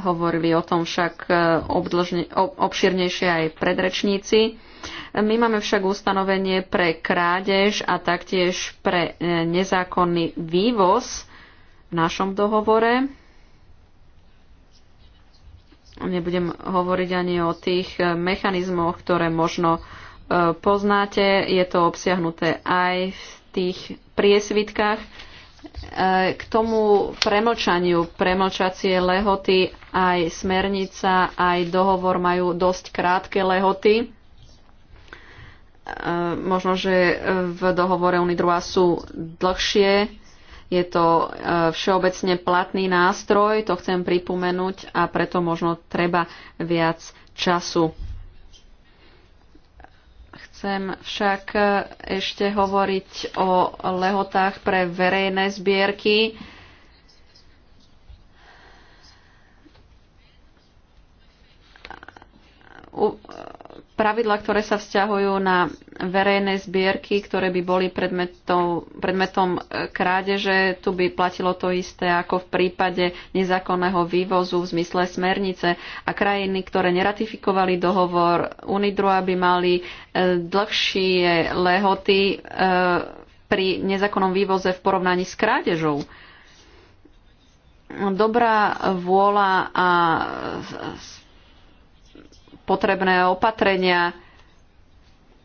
Hovorili o tom však e, obširnejšie aj predrečníci. My máme však ustanovenie pre krádež a taktiež pre nezákonný vývoz našom dohovore. Nebudem hovoriť ani o tých eh, mechanizmoch, ktoré možno eh, poznáte. Je to obsiahnuté aj v tých priesvitkách eh, k tomu premlčaniu, premlčacie lehoty, aj smernica, aj dohovor majú dosť krátke lehoty. Možno, že v dohovore Unidrua sú dlhšie je to e, všeobecne platný nástroj, to chcem pripomenúť a preto možno treba viac času. Chcem však e, ešte hovoriť o lehotách pre verejné zbierky. U, pravidla, ktoré sa vzťahujú na verejné zbierky, ktoré by boli predmetom, predmetom e, krádeže. Tu by platilo to isté ako v prípade nezákonného vývozu v zmysle smernice. A krajiny, ktoré neratifikovali dohovor unidru by mali e, dlhšie lehoty e, pri nezákonnom vývoze v porovnaní s krádežou dobrá vôľa a potrebné opatrenia.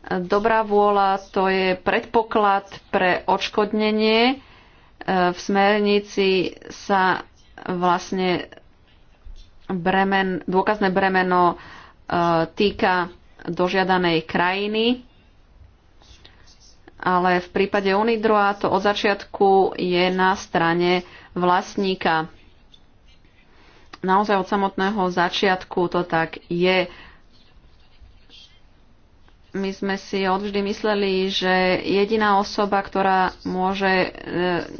Dobrá vôľa to je predpoklad pre odškodnenie. E, v smernici sa vlastne bremen, dôkazné bremeno e, týka dožiadanej krajiny, ale v prípade Unidroa to od začiatku je na strane vlastníka. Naozaj od samotného začiatku to tak je my sme si odvždy mysleli, že jediná osoba, ktorá môže e,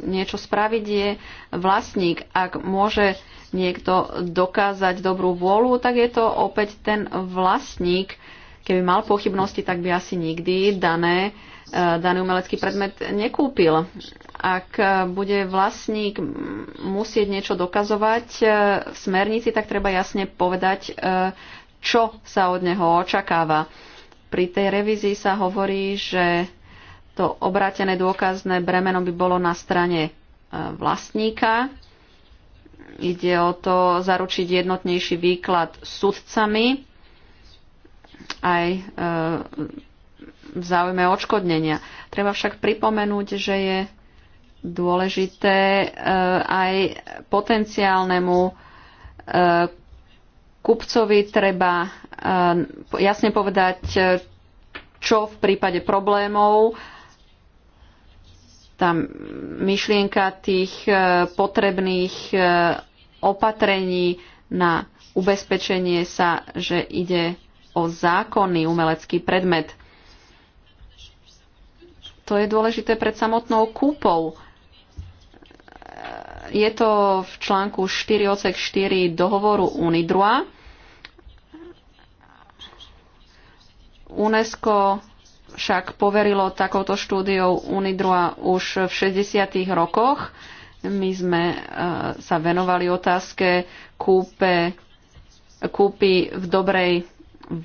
niečo spraviť, je vlastník. Ak môže niekto dokázať dobrú vôľu, tak je to opäť ten vlastník. Keby mal pochybnosti, tak by asi nikdy dané, e, daný umelecký predmet nekúpil. Ak e, bude vlastník musieť niečo dokazovať v smernici, tak treba jasne povedať, čo sa od neho očakáva pri tej revízii sa hovorí, že to obrátené dôkazné bremeno by bolo na strane e, vlastníka. Ide o to zaručiť jednotnejší výklad sudcami aj e, v záujme odškodnenia. Treba však pripomenúť, že je dôležité e, aj potenciálnemu kupcovi treba Eh, jasne povedať, eh, čo v prípade problémov tá myšlienka tých eh, potrebných opatrení na ubezpečenie sa, že ide o zákonný umelecký predmet. To je dôležité pred samotnou kúpou. Je to v článku 4 4 dohovoru UNIDROA UNESCO však poverilo takouto štúdiou UNIDROA už v 60. rokoch. My sme e, sa venovali otázke kúpe, kúpy v dobrej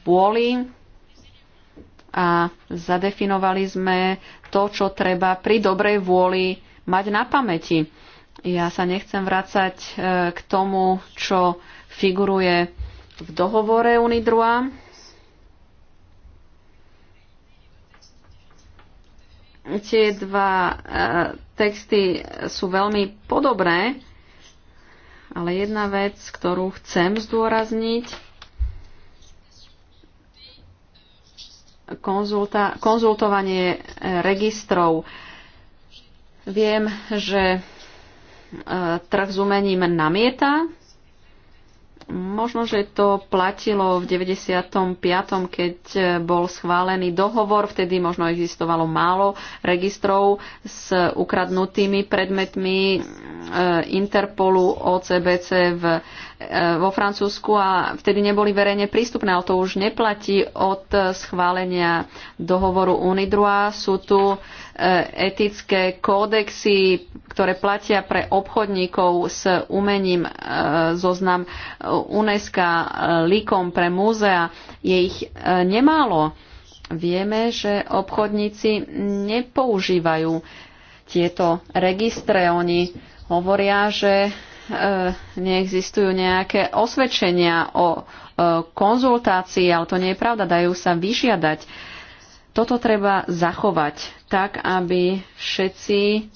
vôli a zadefinovali sme to, čo treba pri dobrej vôli mať na pamäti. Ja sa nechcem vrácať e, k tomu, čo figuruje v dohovore UNIDROA Tie dva e, texty sú veľmi podobné, ale jedna vec, ktorú chcem zdôrazniť, konzulta- konzultovanie e, registrov. Viem, že e, trh s umením namieta Možno, že to platilo v 95., keď e, bol schválený dohovor, vtedy možno existovalo málo registrov s ukradnutými predmetmi e, Interpolu, OCBC v vo Francúzsku a vtedy neboli verejne prístupné, ale to už neplatí od schválenia dohovoru UNIDROA. Sú tu e, etické kódexy, ktoré platia pre obchodníkov s umením e, zoznam e, UNESCO, likom pre múzea. Je ich nemálo. Vieme, že obchodníci nepoužívajú tieto registre. Oni hovoria, že E, neexistujú nejaké osvedčenia o e, konzultácii, ale to nie je pravda, dajú sa vyžiadať. Toto treba zachovať tak, aby všetci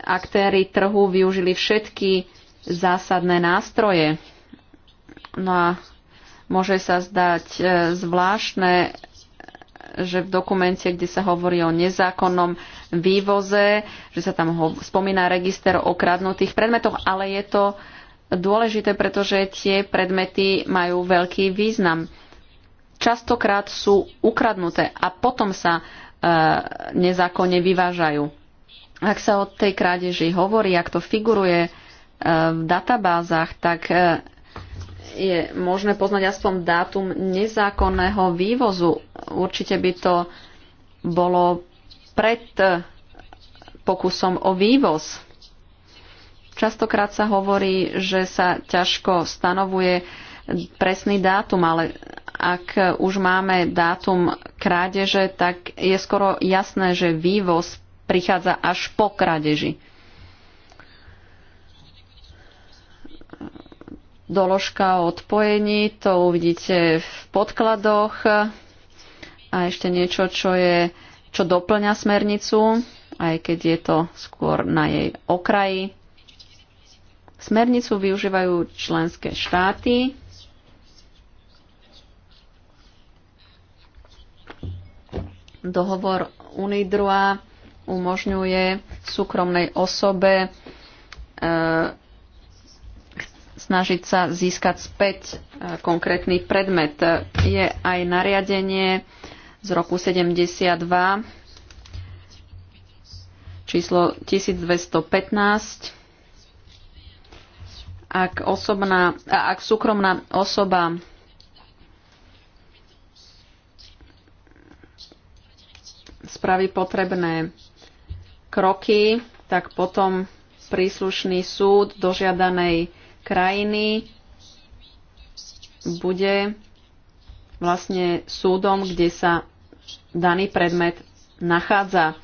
aktéry trhu využili všetky zásadné nástroje. No a môže sa zdať e, zvláštne že v dokumente, kde sa hovorí o nezákonnom vývoze, že sa tam ho, spomína register o kradnutých predmetoch, ale je to dôležité, pretože tie predmety majú veľký význam. Častokrát sú ukradnuté a potom sa e, nezákonne vyvážajú. Ak sa o tej krádeži hovorí, ak to figuruje e, v databázach, tak e, je možné poznať aspoň dátum nezákonného vývozu. Určite by to bolo pred pokusom o vývoz. Častokrát sa hovorí, že sa ťažko stanovuje presný dátum, ale ak už máme dátum krádeže, tak je skoro jasné, že vývoz prichádza až po krádeži doložka o odpojení, to uvidíte v podkladoch. A ešte niečo, čo, je, čo doplňa smernicu, aj keď je to skôr na jej okraji. Smernicu využívajú členské štáty. Dohovor UNIDROA umožňuje súkromnej osobe e, snažiť sa získať späť e, konkrétny predmet. Je aj nariadenie z roku 72 číslo 1215. Ak, osobná, ak súkromná osoba spraví potrebné kroky, tak potom príslušný súd dožiadanej krajiny bude vlastne súdom, kde sa daný predmet nachádza.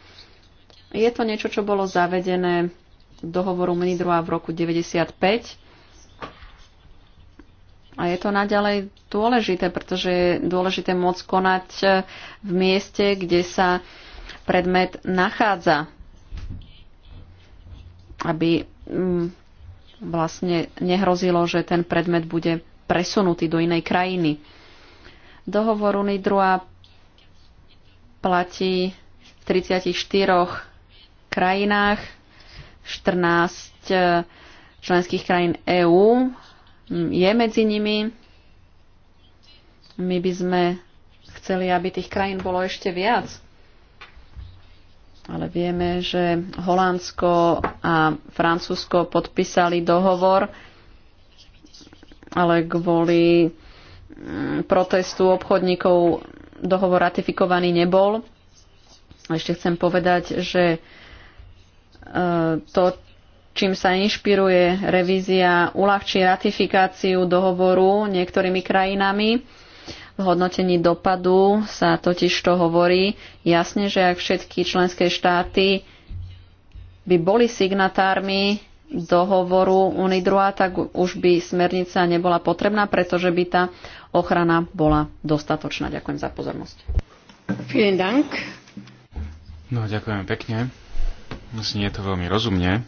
Je to niečo, čo bolo zavedené dohovoru Mnidrua v roku 95 a je to naďalej dôležité, pretože je dôležité môcť konať v mieste, kde sa predmet nachádza, aby mm, vlastne nehrozilo, že ten predmet bude presunutý do inej krajiny. Dohovor UNIDRUA platí v 34 krajinách, 14 e, členských krajín EÚ je medzi nimi. My by sme chceli, aby tých krajín bolo ešte viac ale vieme, že Holandsko a Francúzsko podpísali dohovor, ale kvôli mm, protestu obchodníkov dohovor ratifikovaný nebol. Ešte chcem povedať, že e, to, čím sa inšpiruje revízia, uľahčí ratifikáciu dohovoru niektorými krajinami v hodnotení dopadu sa totiž to hovorí jasne, že ak všetky členské štáty by boli signatármi dohovoru UNIDRUA, tak už by smernica nebola potrebná, pretože by tá ochrana bola dostatočná. Ďakujem za pozornosť. Vielen Dank. No, ďakujem pekne. Znie to veľmi rozumne,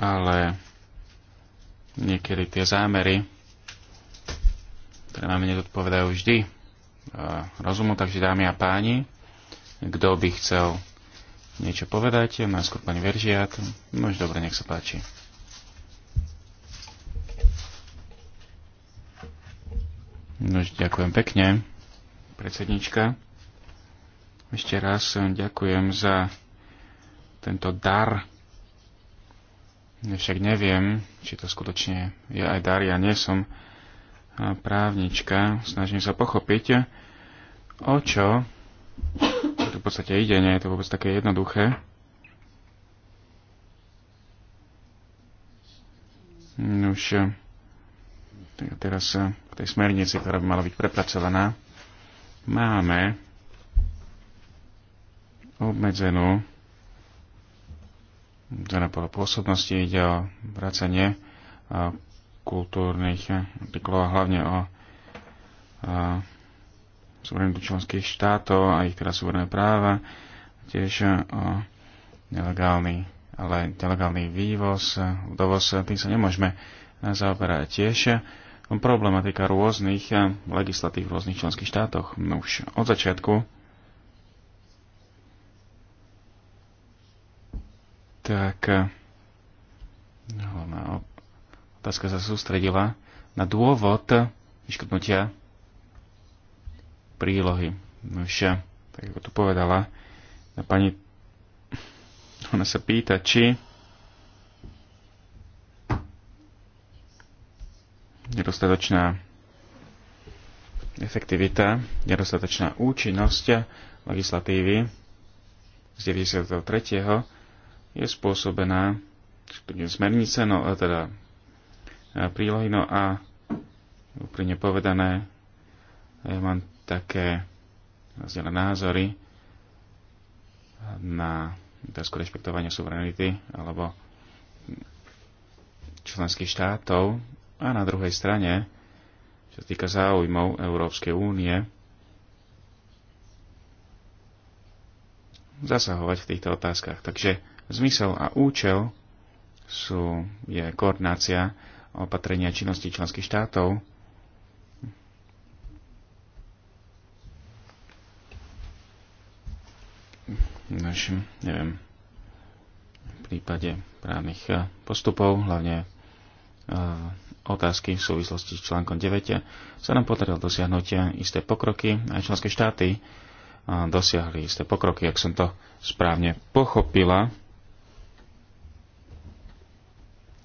ale niekedy tie zámery ktoré nám nezodpovedajú vždy e, rozumu. Takže dámy a páni, kto by chcel niečo povedať, najskôr pani Veržiat. No už dobre, nech sa páči. No ďakujem pekne, predsednička. Ešte raz ďakujem za tento dar. Však neviem, či to skutočne je aj dar. Ja nie som právnička, snažím sa pochopiť, o čo to v podstate ide, nie je to vôbec také jednoduché. Už teraz v tej smernici, ktorá by mala byť prepracovaná, máme obmedzenú zóna pôsobnosti, ide o vracanie kultúrnych artiklov a hlavne o suverenitu členských štátov a ich teda suverené práva, tiež o nelegálny, ale nelegálny vývoz, dovoz, tým sa nemôžeme zaoberať tiež problematika rôznych legislatív v rôznych členských štátoch. No už od začiatku tak hlavná otázka sa sústredila na dôvod vyškrtnutia prílohy. No už, eh, tak ako tu povedala, na pani ona sa pýta, či nedostatočná efektivita, nedostatočná účinnosť legislatívy z 93. je spôsobená smernice, no eh, teda prílohy. No a úplne povedané, ja mám také rozdielne názory na otázku rešpektovania suverenity alebo členských štátov a na druhej strane, čo sa týka záujmov Európskej únie, zasahovať v týchto otázkach. Takže zmysel a účel sú, je koordinácia opatrenia činnosti členských štátov. Nož, neviem, v prípade právnych eh, postupov, hlavne eh, otázky v súvislosti s článkom 9, sa nám podarilo dosiahnuť eh, isté pokroky. Aj členské štáty dosiahli isté pokroky, ak som to správne pochopila.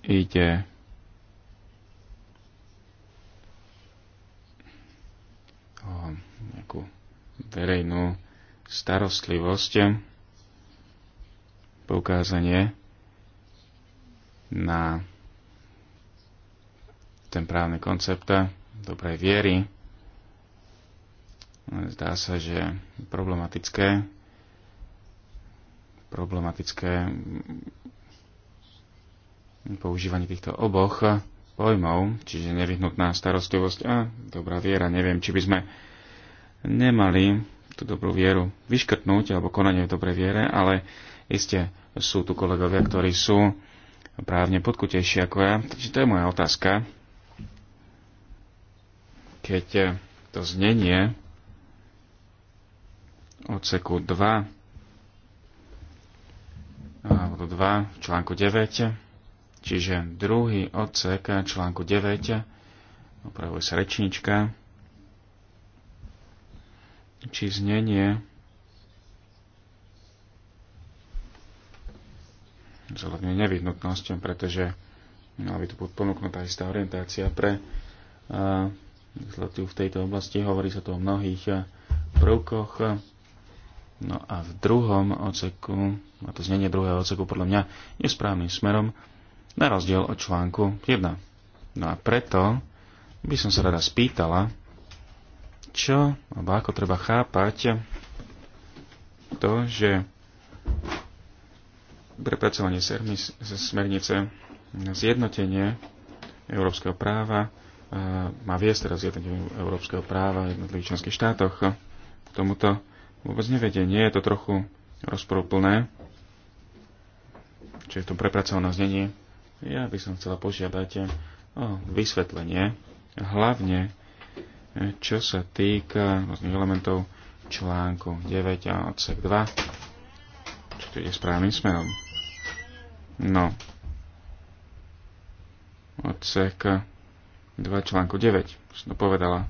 Ide nejakú verejnú starostlivosť, poukázanie na ten právny koncept dobrej viery. Zdá sa, že problematické, problematické používanie týchto oboch pojmov, čiže nevyhnutná starostlivosť a dobrá viera. Neviem, či by sme nemali tú dobrú vieru vyškrtnúť alebo konanie v dobrej viere, ale iste sú tu kolegovia, ktorí sú právne podkutejší ako ja. Takže to je moja otázka. Keď to znenie odseku 2 alebo 2 článku 9, čiže druhý odsek článku 9, opravuje sa rečníčka, či znenie zohľadne nevyhnutnosťom, pretože mala by tu byť ponúknutá istá orientácia pre legislatívu v tejto oblasti. Hovorí sa tu o mnohých prvkoch. No a v druhom oceku, a to znenie druhého odseku podľa mňa je správnym smerom, na rozdiel od článku 1. No a preto by som sa rada spýtala, čo, alebo ako treba chápať to, že prepracovanie smernice zjednotenie európskeho práva e, má viesť teraz zjednotenie európskeho práva v jednotlivých členských štátoch. Tomuto vôbec nevedie. Nie je to trochu rozporúplné, čiže to prepracované znenie. Ja by som chcela požiadať o vysvetlenie, hlavne čo sa týka rôznych elementov článku 9 a odsek 2, čo to ide správnym smerom. No, odsek 2 článku 9, som to povedala.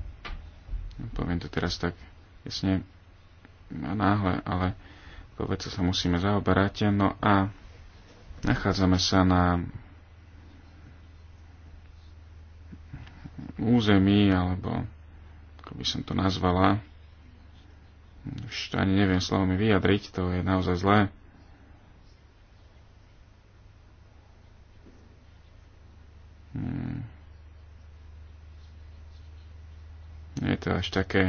Poviem to teraz tak jasne náhle, ale to sa musíme zaoberať. No a nachádzame sa na území alebo ako by som to nazvala, už to ani neviem slovami vyjadriť, to je naozaj zlé. Hmm. Nie je to až také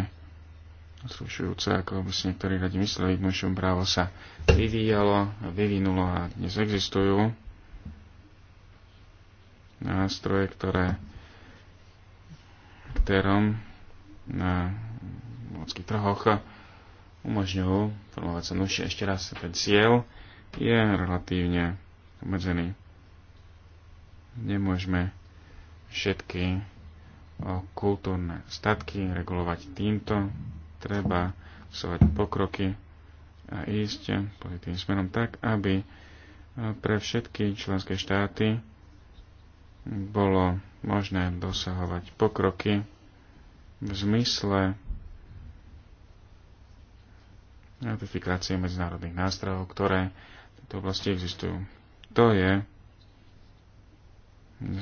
slušujúce, ako by si niektorí radi mysleli. Dnešom právo sa vyvíjalo, vyvinulo a dnes existujú nástroje, ktoré ktorom na morských trhoch umožňujú formovať sa nušie. Ešte raz ten cieľ je relatívne obmedzený. Nemôžeme všetky kultúrne statky regulovať týmto. Treba usovať pokroky a ísť pozitívnym smerom tak, aby pre všetky členské štáty bolo možné dosahovať pokroky v zmysle ratifikácie medzinárodných nástrojov, ktoré v tejto oblasti existujú. To je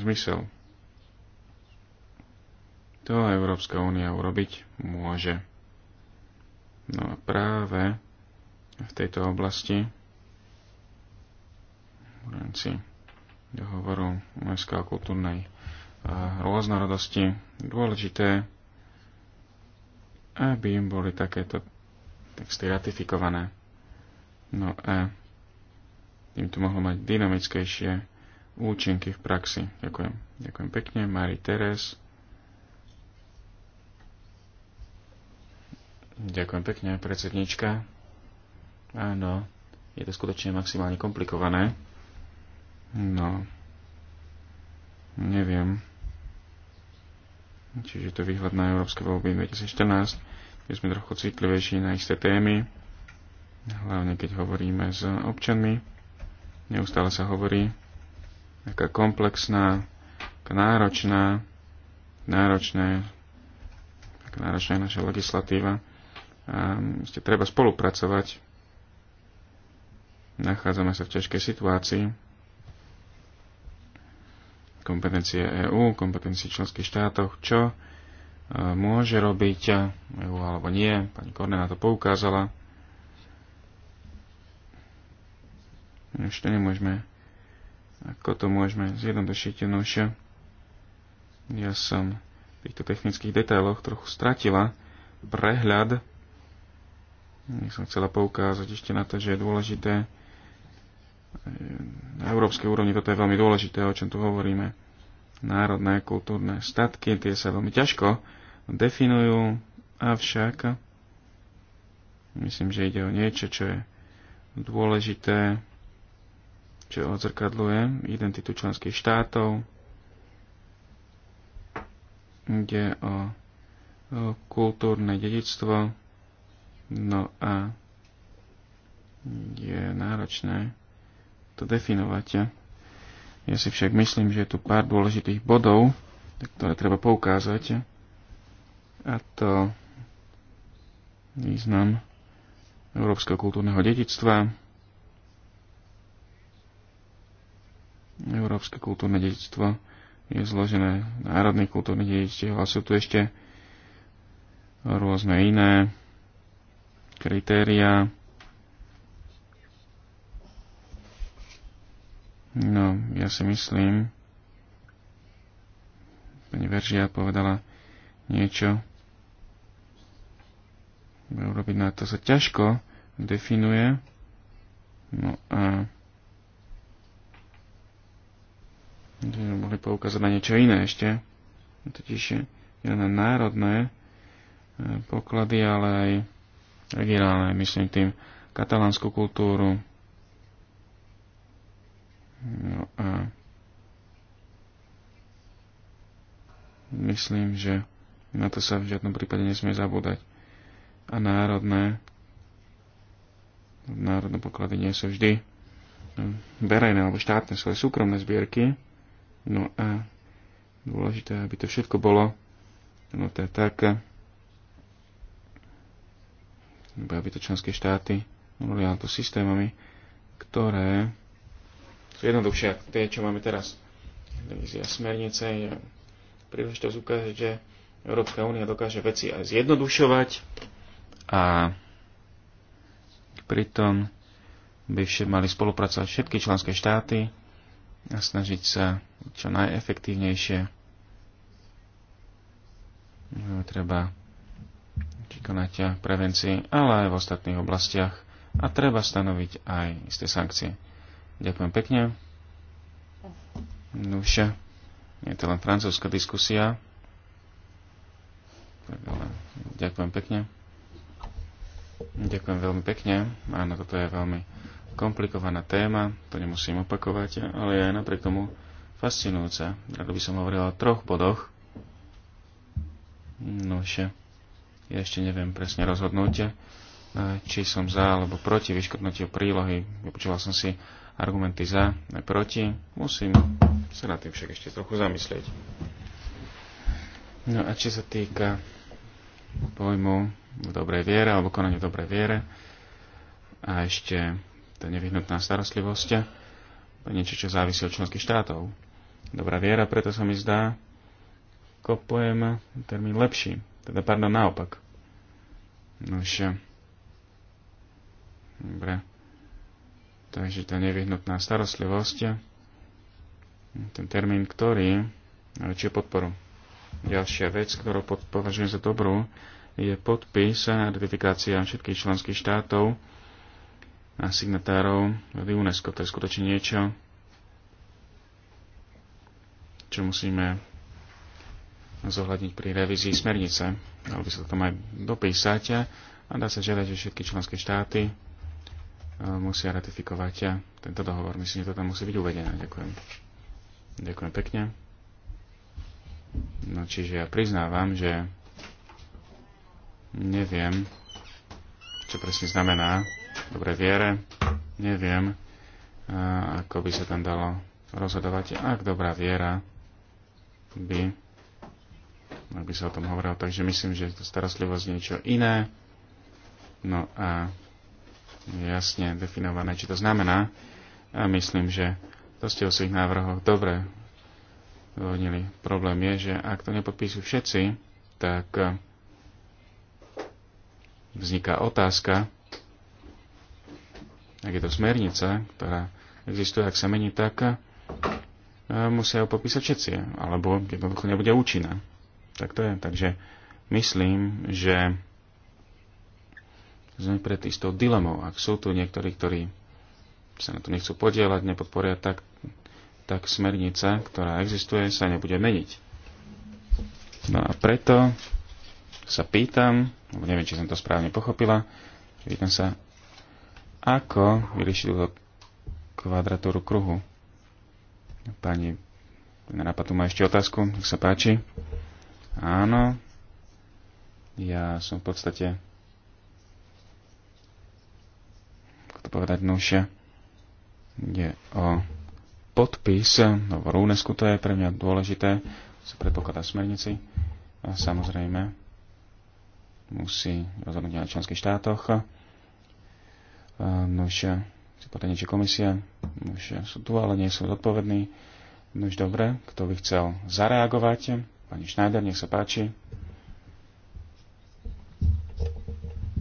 zmysel. To Európska únia urobiť môže. No a práve v tejto oblasti v rámci dohovoru UNESCO o kultúrnej eh, rôznorodosti dôležité aby im boli takéto texty ratifikované. No a tým to mohlo mať dynamickejšie účinky v praxi. Ďakujem. Ďakujem pekne, Mari Teres. Ďakujem pekne, predsednička. Áno, je to skutočne maximálne komplikované. No, neviem. Čiže to výhľad na európske voľby 2014 že sme trochu citlivejší na isté témy, hlavne keď hovoríme s občanmi. Neustále sa hovorí, aká komplexná, aká náročná, náročné, aká náročná je naša legislatíva. A ste treba spolupracovať. Nachádzame sa v ťažkej situácii. Kompetencie EÚ, kompetencie členských štátov, čo môže robiť eh, alebo nie. Pani na to poukázala. Ešte nemôžeme, ako to môžeme zjednodušiť, nož ja som v týchto technických detailoch trochu stratila prehľad. Ja som chcela poukázať ešte na to, že je dôležité eh, na európskej úrovni toto je veľmi dôležité, o čom tu hovoríme. Národné kultúrne statky, tie sa veľmi ťažko definujú, avšak myslím, že ide o niečo, čo je dôležité, čo odzrkadluje identitu členských štátov, ide o kultúrne dedictvo, no a je náročné to definovať. Ja si však myslím, že je tu pár dôležitých bodov, ktoré treba poukázať a to význam európskeho kultúrneho dedictva, Európske kultúrne dedictvo je zložené národné kultúrne dedictiev a sú tu ešte rôzne iné kritéria. No, ja si myslím, pani Veržia povedala niečo urobiť na to sa ťažko definuje. No a mohli poukázať na niečo iné ešte. Totiž je jedné národné e, poklady, ale aj regionálne, myslím tým katalánsku kultúru. No a myslím, že na to sa v žiadnom prípade nesmie zabúdať a národné národné poklady nie sú vždy hm, verejné alebo štátne, sú aj súkromné zbierky. No a dôležité, aby to všetko bolo no to je tak, hm, aby to členské štáty boli ale to systémami, ktoré sú jednoduchšie ako tie, čo máme teraz. Televízia smernice je príležitosť ukázať, že Európska únia dokáže veci aj zjednodušovať, a pritom by mali spolupracovať všetky členské štáty a snažiť sa čo najefektívnejšie treba konať prevencii, ale aj v ostatných oblastiach a treba stanoviť aj isté sankcie. Ďakujem pekne. Nuž, no je to len francúzska diskusia. ďakujem pekne. Ďakujem veľmi pekne. Áno, toto je veľmi komplikovaná téma, to nemusím opakovať, ale je aj napriek tomu fascinujúca. Rado by som hovoril o troch bodoch. No ešte, ja ešte neviem presne rozhodnúť, či som za alebo proti vyškrtnutiu prílohy. Vypočúval som si argumenty za a proti. Musím sa nad tým však ešte trochu zamyslieť. No a čo sa týka pojmu v dobrej viere alebo konanie v dobrej viere a ešte tá nevyhnutná starostlivosť, to niečo, čo závisí od členských štátov. Dobrá viera, preto sa mi zdá, kopujem termín lepší, teda pardon, naopak. No Dobre. Takže tá nevyhnutná starostlivosť, ten termín, ktorý, či podporu. Ďalšia vec, ktorú považujem za dobrú, je podpis a ratifikácia všetkých členských štátov a signatárov v UNESCO. To je skutočne niečo, čo musíme zohľadniť pri revízii smernice. Dalo by sa to tam aj dopísať a dá sa žiadať, že všetky členské štáty e, musia ratifikovať tento dohovor. Myslím, že to tam musí byť uvedené. Ďakujem. Ďakujem pekne. No čiže ja priznávam, že Neviem, čo presne znamená dobre viere. Neviem, ako by sa tam dalo rozhodovať, ak dobrá viera by, ak by sa o tom hovoril, Takže myslím, že to starostlivosť je niečo iné. No a jasne definované, čo to znamená. A myslím, že to ste o svojich návrhoch dobre vyvodnili. Problém je, že ak to nepodpíšu všetci, tak vzniká otázka, ak je to smernica, ktorá existuje, ak sa mení tak, eh, musia ju popísať všetci, alebo jednoducho nebude účinná. Tak to je. Takže myslím, že sme pred istou dilemou. Ak sú tu niektorí, ktorí sa na to nechcú podielať, nepodporia, tak, tak smernica, ktorá existuje, sa nebude meniť. No a preto sa pýtam, neviem, či som to správne pochopila, pýtam sa, ako vyriešiť túto kvadratúru kruhu. Pani Narapa tu má ešte otázku, nech sa páči. Áno, ja som v podstate, ako to povedať, nušia, ide o podpis, no v Rúnesku to je pre mňa dôležité, sa predpokladá smernici, a samozrejme, musí rozhodnúť na členských štátoch. Nož, si povedať niečo komisia, nož sú tu, ale nie sú zodpovední. Nož dobre, kto by chcel zareagovať? Pani Schneider, nech sa páči.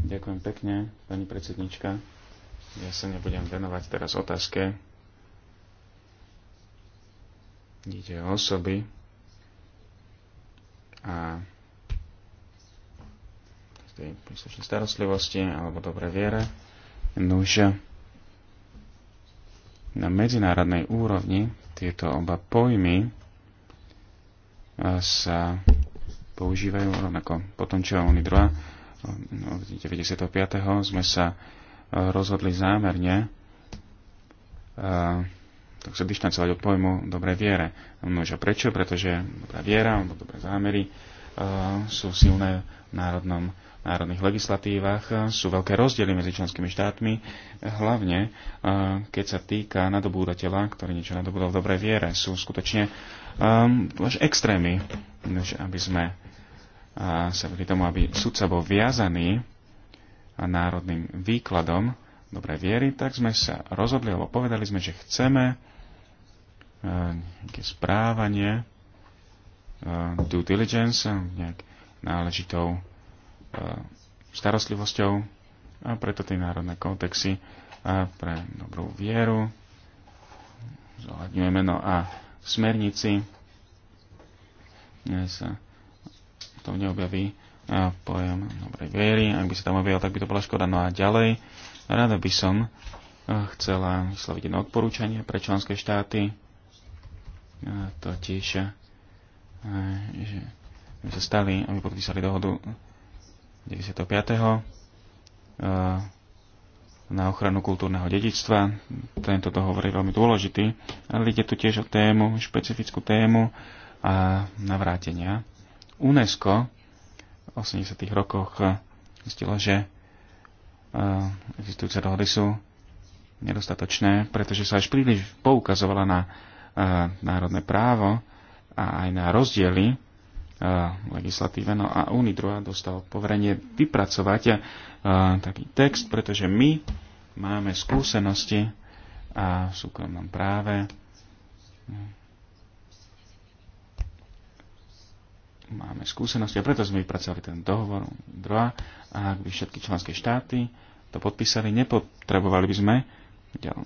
Ďakujem pekne, pani predsednička. Ja sa nebudem venovať teraz otázke. Ide o osoby a tej príslušnej starostlivosti alebo dobrej viere. Nože na medzinárodnej úrovni tieto oba pojmy e, sa používajú rovnako. Potom, čo UNIDROA od 95. sme sa e, rozhodli zámerne e, tak sa dištancovať od pojmu dobrej viere. Nože prečo? Pretože dobrá viera alebo dobré zámery Eh, sú silné v národnom, národných legislatívach, eh, sú veľké rozdiely medzi členskými štátmi, eh, hlavne keď sa týka nadobúdateľa, ktorý niečo nadobudol v dobrej viere. Sú skutočne um, až extrémy, aby sme sa vedli tomu, aby sudca bol viazaný národným výkladom dobrej viery, tak sme sa rozhodli, alebo povedali sme, že chceme nejaké správanie, due diligence, nejak náležitou starostlivosťou a preto tie národné kontexty pre dobrú vieru zohľadňujeme no a v smernici e, sa to neobjaví pojem dobrej viery. Ak by sa tam objavil, tak by to bola škoda. No a ďalej, rada by som e, chcela vysloviť jedno odporúčanie pre členské štáty, totiž že sme sa stali, aby podpísali dohodu 95. na ochranu kultúrneho dedičstva. Tento dohovor je veľmi dôležitý, ale ide tu tiež o tému, špecifickú tému a navrátenia. UNESCO v 80. rokoch zistilo, že existujúce dohody sú nedostatočné, pretože sa až príliš poukazovala na národné právo, a aj na rozdiely e, legislatíve. No a UNIDROA dostal poverenie vypracovať e, taký text, pretože my máme skúsenosti a v súkromnom práve máme skúsenosti a preto sme vypracovali ten dohovor UNIDROA a ak by všetky členské štáty to podpísali, nepotrebovali by sme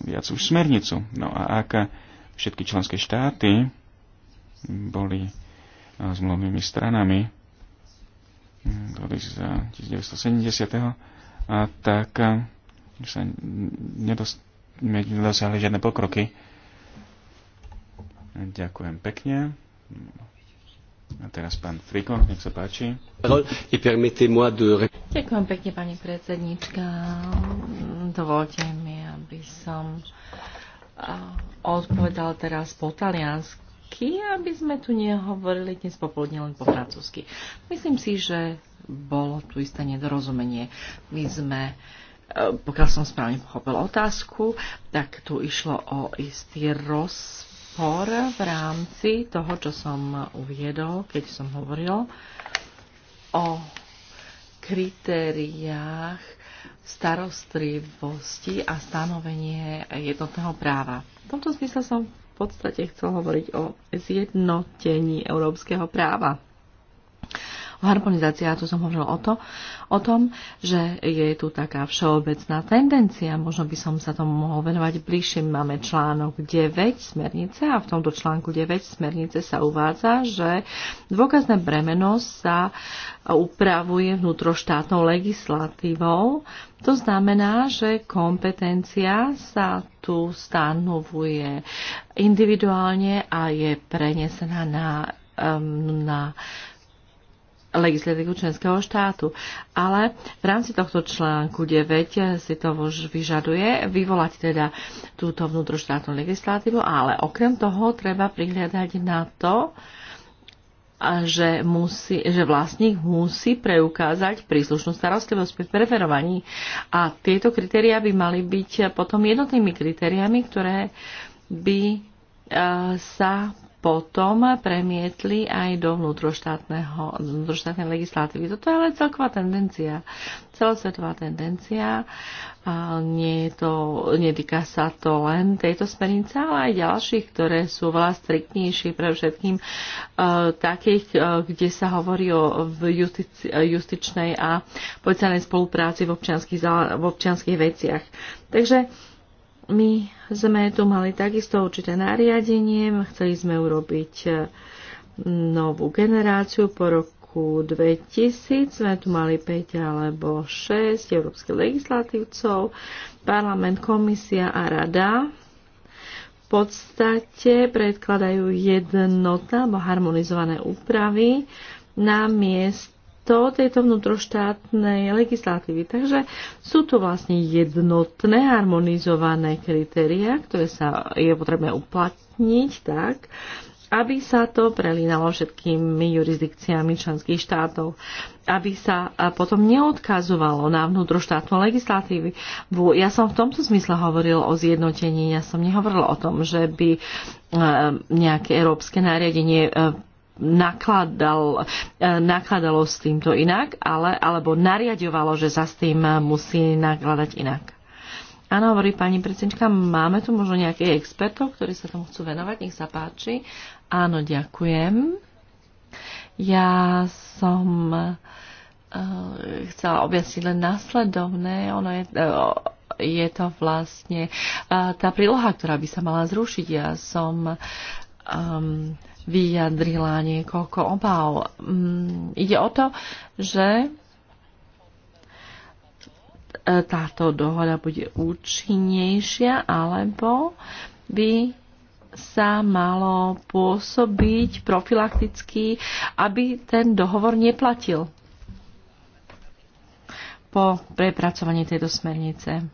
viac už smernicu. No a ak všetky členské štáty boli zmluvnými e, stranami dohody z 1970. A tak e, sa nedosiahli žiadne pokroky. Ďakujem pekne. A teraz pán Friko, nech sa páči. Ďakujem pekne, pani predsednička. Dovolte mi, aby som odpovedal teraz po taliansku taký, aby sme tu nehovorili dnes popoludne len po francúzsky. Myslím si, že bolo tu isté nedorozumenie. My sme e, pokiaľ som správne pochopil otázku, tak tu išlo o istý rozpor v rámci toho, čo som uviedol, keď som hovoril o kritériách starostlivosti a stanovenie jednotného práva. V tomto smysle som podstate chcel hovoriť o zjednotení európskeho práva harmonizácia. A tu som hovorila o, to, o tom, že je tu taká všeobecná tendencia. Možno by som sa tomu mohol venovať bližšie. Máme článok 9 smernice a v tomto článku 9 smernice sa uvádza, že dôkazné bremeno sa upravuje vnútroštátnou legislatívou. To znamená, že kompetencia sa tu stanovuje individuálne a je prenesená na, na legislatívu členského štátu. Ale v rámci tohto článku 9 si to už vyžaduje vyvolať teda túto vnútroštátnu legislatívu, ale okrem toho treba prihliadať na to, že, musí, že vlastník musí preukázať príslušnú starostlivosť pri preferovaní. A tieto kritéria by mali byť potom jednotnými kritériami, ktoré by eh, sa potom premietli aj do vnútroštátnej legislatívy. Toto je ale celková tendencia, celosvetová tendencia. A nie je to, netýka sa to len tejto smernice, ale aj ďalších, ktoré sú veľa striktnejšie, pre všetkým e, takých, e, kde sa hovorí o justici, e, justičnej a policajnej spolupráci v občianských, v občianských veciach. Takže my sme tu mali takisto určité nariadenie, chceli sme urobiť e, novú generáciu po roku 2000. Sme tu mali 5 alebo 6 európskych legislatívcov, parlament, komisia a rada. V podstate predkladajú jednotné alebo harmonizované úpravy na miest miesto tejto vnútroštátnej legislatívy. Takže sú to vlastne jednotné, harmonizované kritéria, ktoré sa je potrebné uplatniť tak, aby sa to prelínalo všetkými jurisdikciami členských štátov, aby sa potom neodkazovalo na vnútroštátnu legislatívy. Ja som v tomto zmysle hovoril o zjednotení, ja som nehovoril o tom, že by e, nejaké európske nariadenie e, nakladal, e, nakladalo s týmto inak, ale, alebo nariadovalo, že sa s tým musí nakladať inak. Áno, hovorí pani predsednička, máme tu možno nejakých expertov, ktorí sa tomu chcú venovať, nech sa páči. Áno, ďakujem. Ja som uh, chcela objasniť len následovné. Ono je, uh, je to vlastne uh, tá príloha, ktorá by sa mala zrušiť. Ja som um, vyjadrila niekoľko obáv. Mm, ide o to, že e, táto dohoda bude účinnejšia, alebo by sa malo pôsobiť profilakticky, aby ten dohovor neplatil po prepracovaní tejto smernice.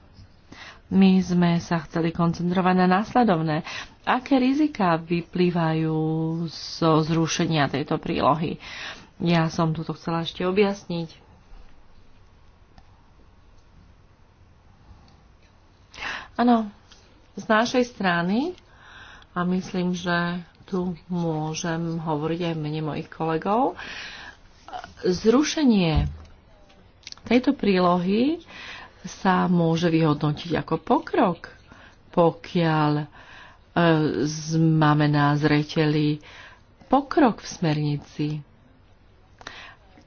My sme sa chceli koncentrovať na následovné. Aké rizika vyplývajú zo zrušenia tejto prílohy? Ja som toto chcela ešte objasniť. Áno, z našej strany a myslím, že tu môžem hovoriť aj mene mojich kolegov, zrušenie tejto prílohy sa môže vyhodnotiť ako pokrok, pokiaľ e, máme na zreteli pokrok v smernici,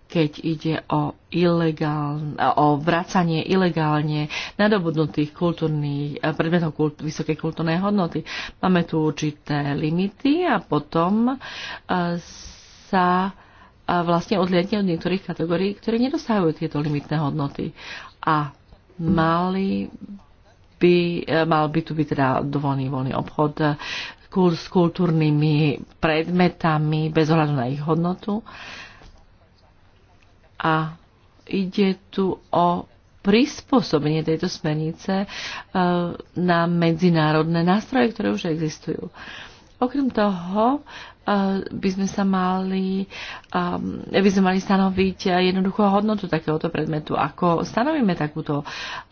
keď ide o, o vracanie ilegálne nadobudnutých kultúrnych, e, predmetov kult, vysokej kultúrnej hodnoty. Máme tu určité limity a potom e, sa vlastne odliadne od niektorých kategórií, ktoré nedosahujú tieto limitné hodnoty. A mali by, e, mal by tu byť teda dovolený voľný obchod e, s kultúrnymi predmetami bez ohľadu na ich hodnotu. A ide tu o prispôsobenie tejto smernice e, na medzinárodné nástroje, ktoré už existujú. Okrem toho by sme sa mali, um, by sme mali stanoviť eh, jednoduchú hodnotu takéhoto predmetu. Ako stanovíme takúto,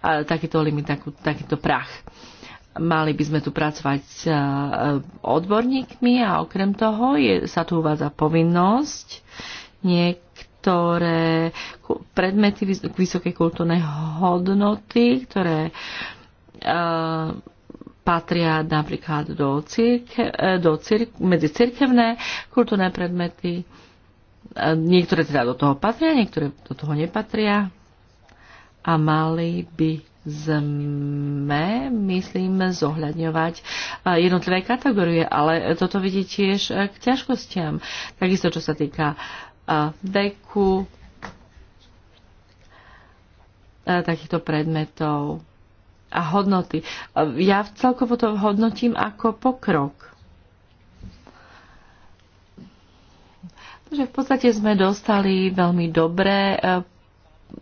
eh, takýto limit, takú, takýto prach? Mali by sme tu pracovať s eh, odborníkmi a okrem toho je, sa tu uvádza povinnosť niektoré predmety vysokej kultúrnej hodnoty, ktoré uh, patria napríklad do, círke, e, do círk, medzi cirkevné kultúrne predmety. E, niektoré teda do toho patria, niektoré do toho nepatria. A mali by sme, myslím, zohľadňovať e, jednotlivé kategórie, ale toto vidí tiež k ťažkostiam. Takisto, čo sa týka veku, takýchto predmetov a hodnoty. Ja celkovo to hodnotím ako pokrok. Takže v podstate sme dostali veľmi dobré e,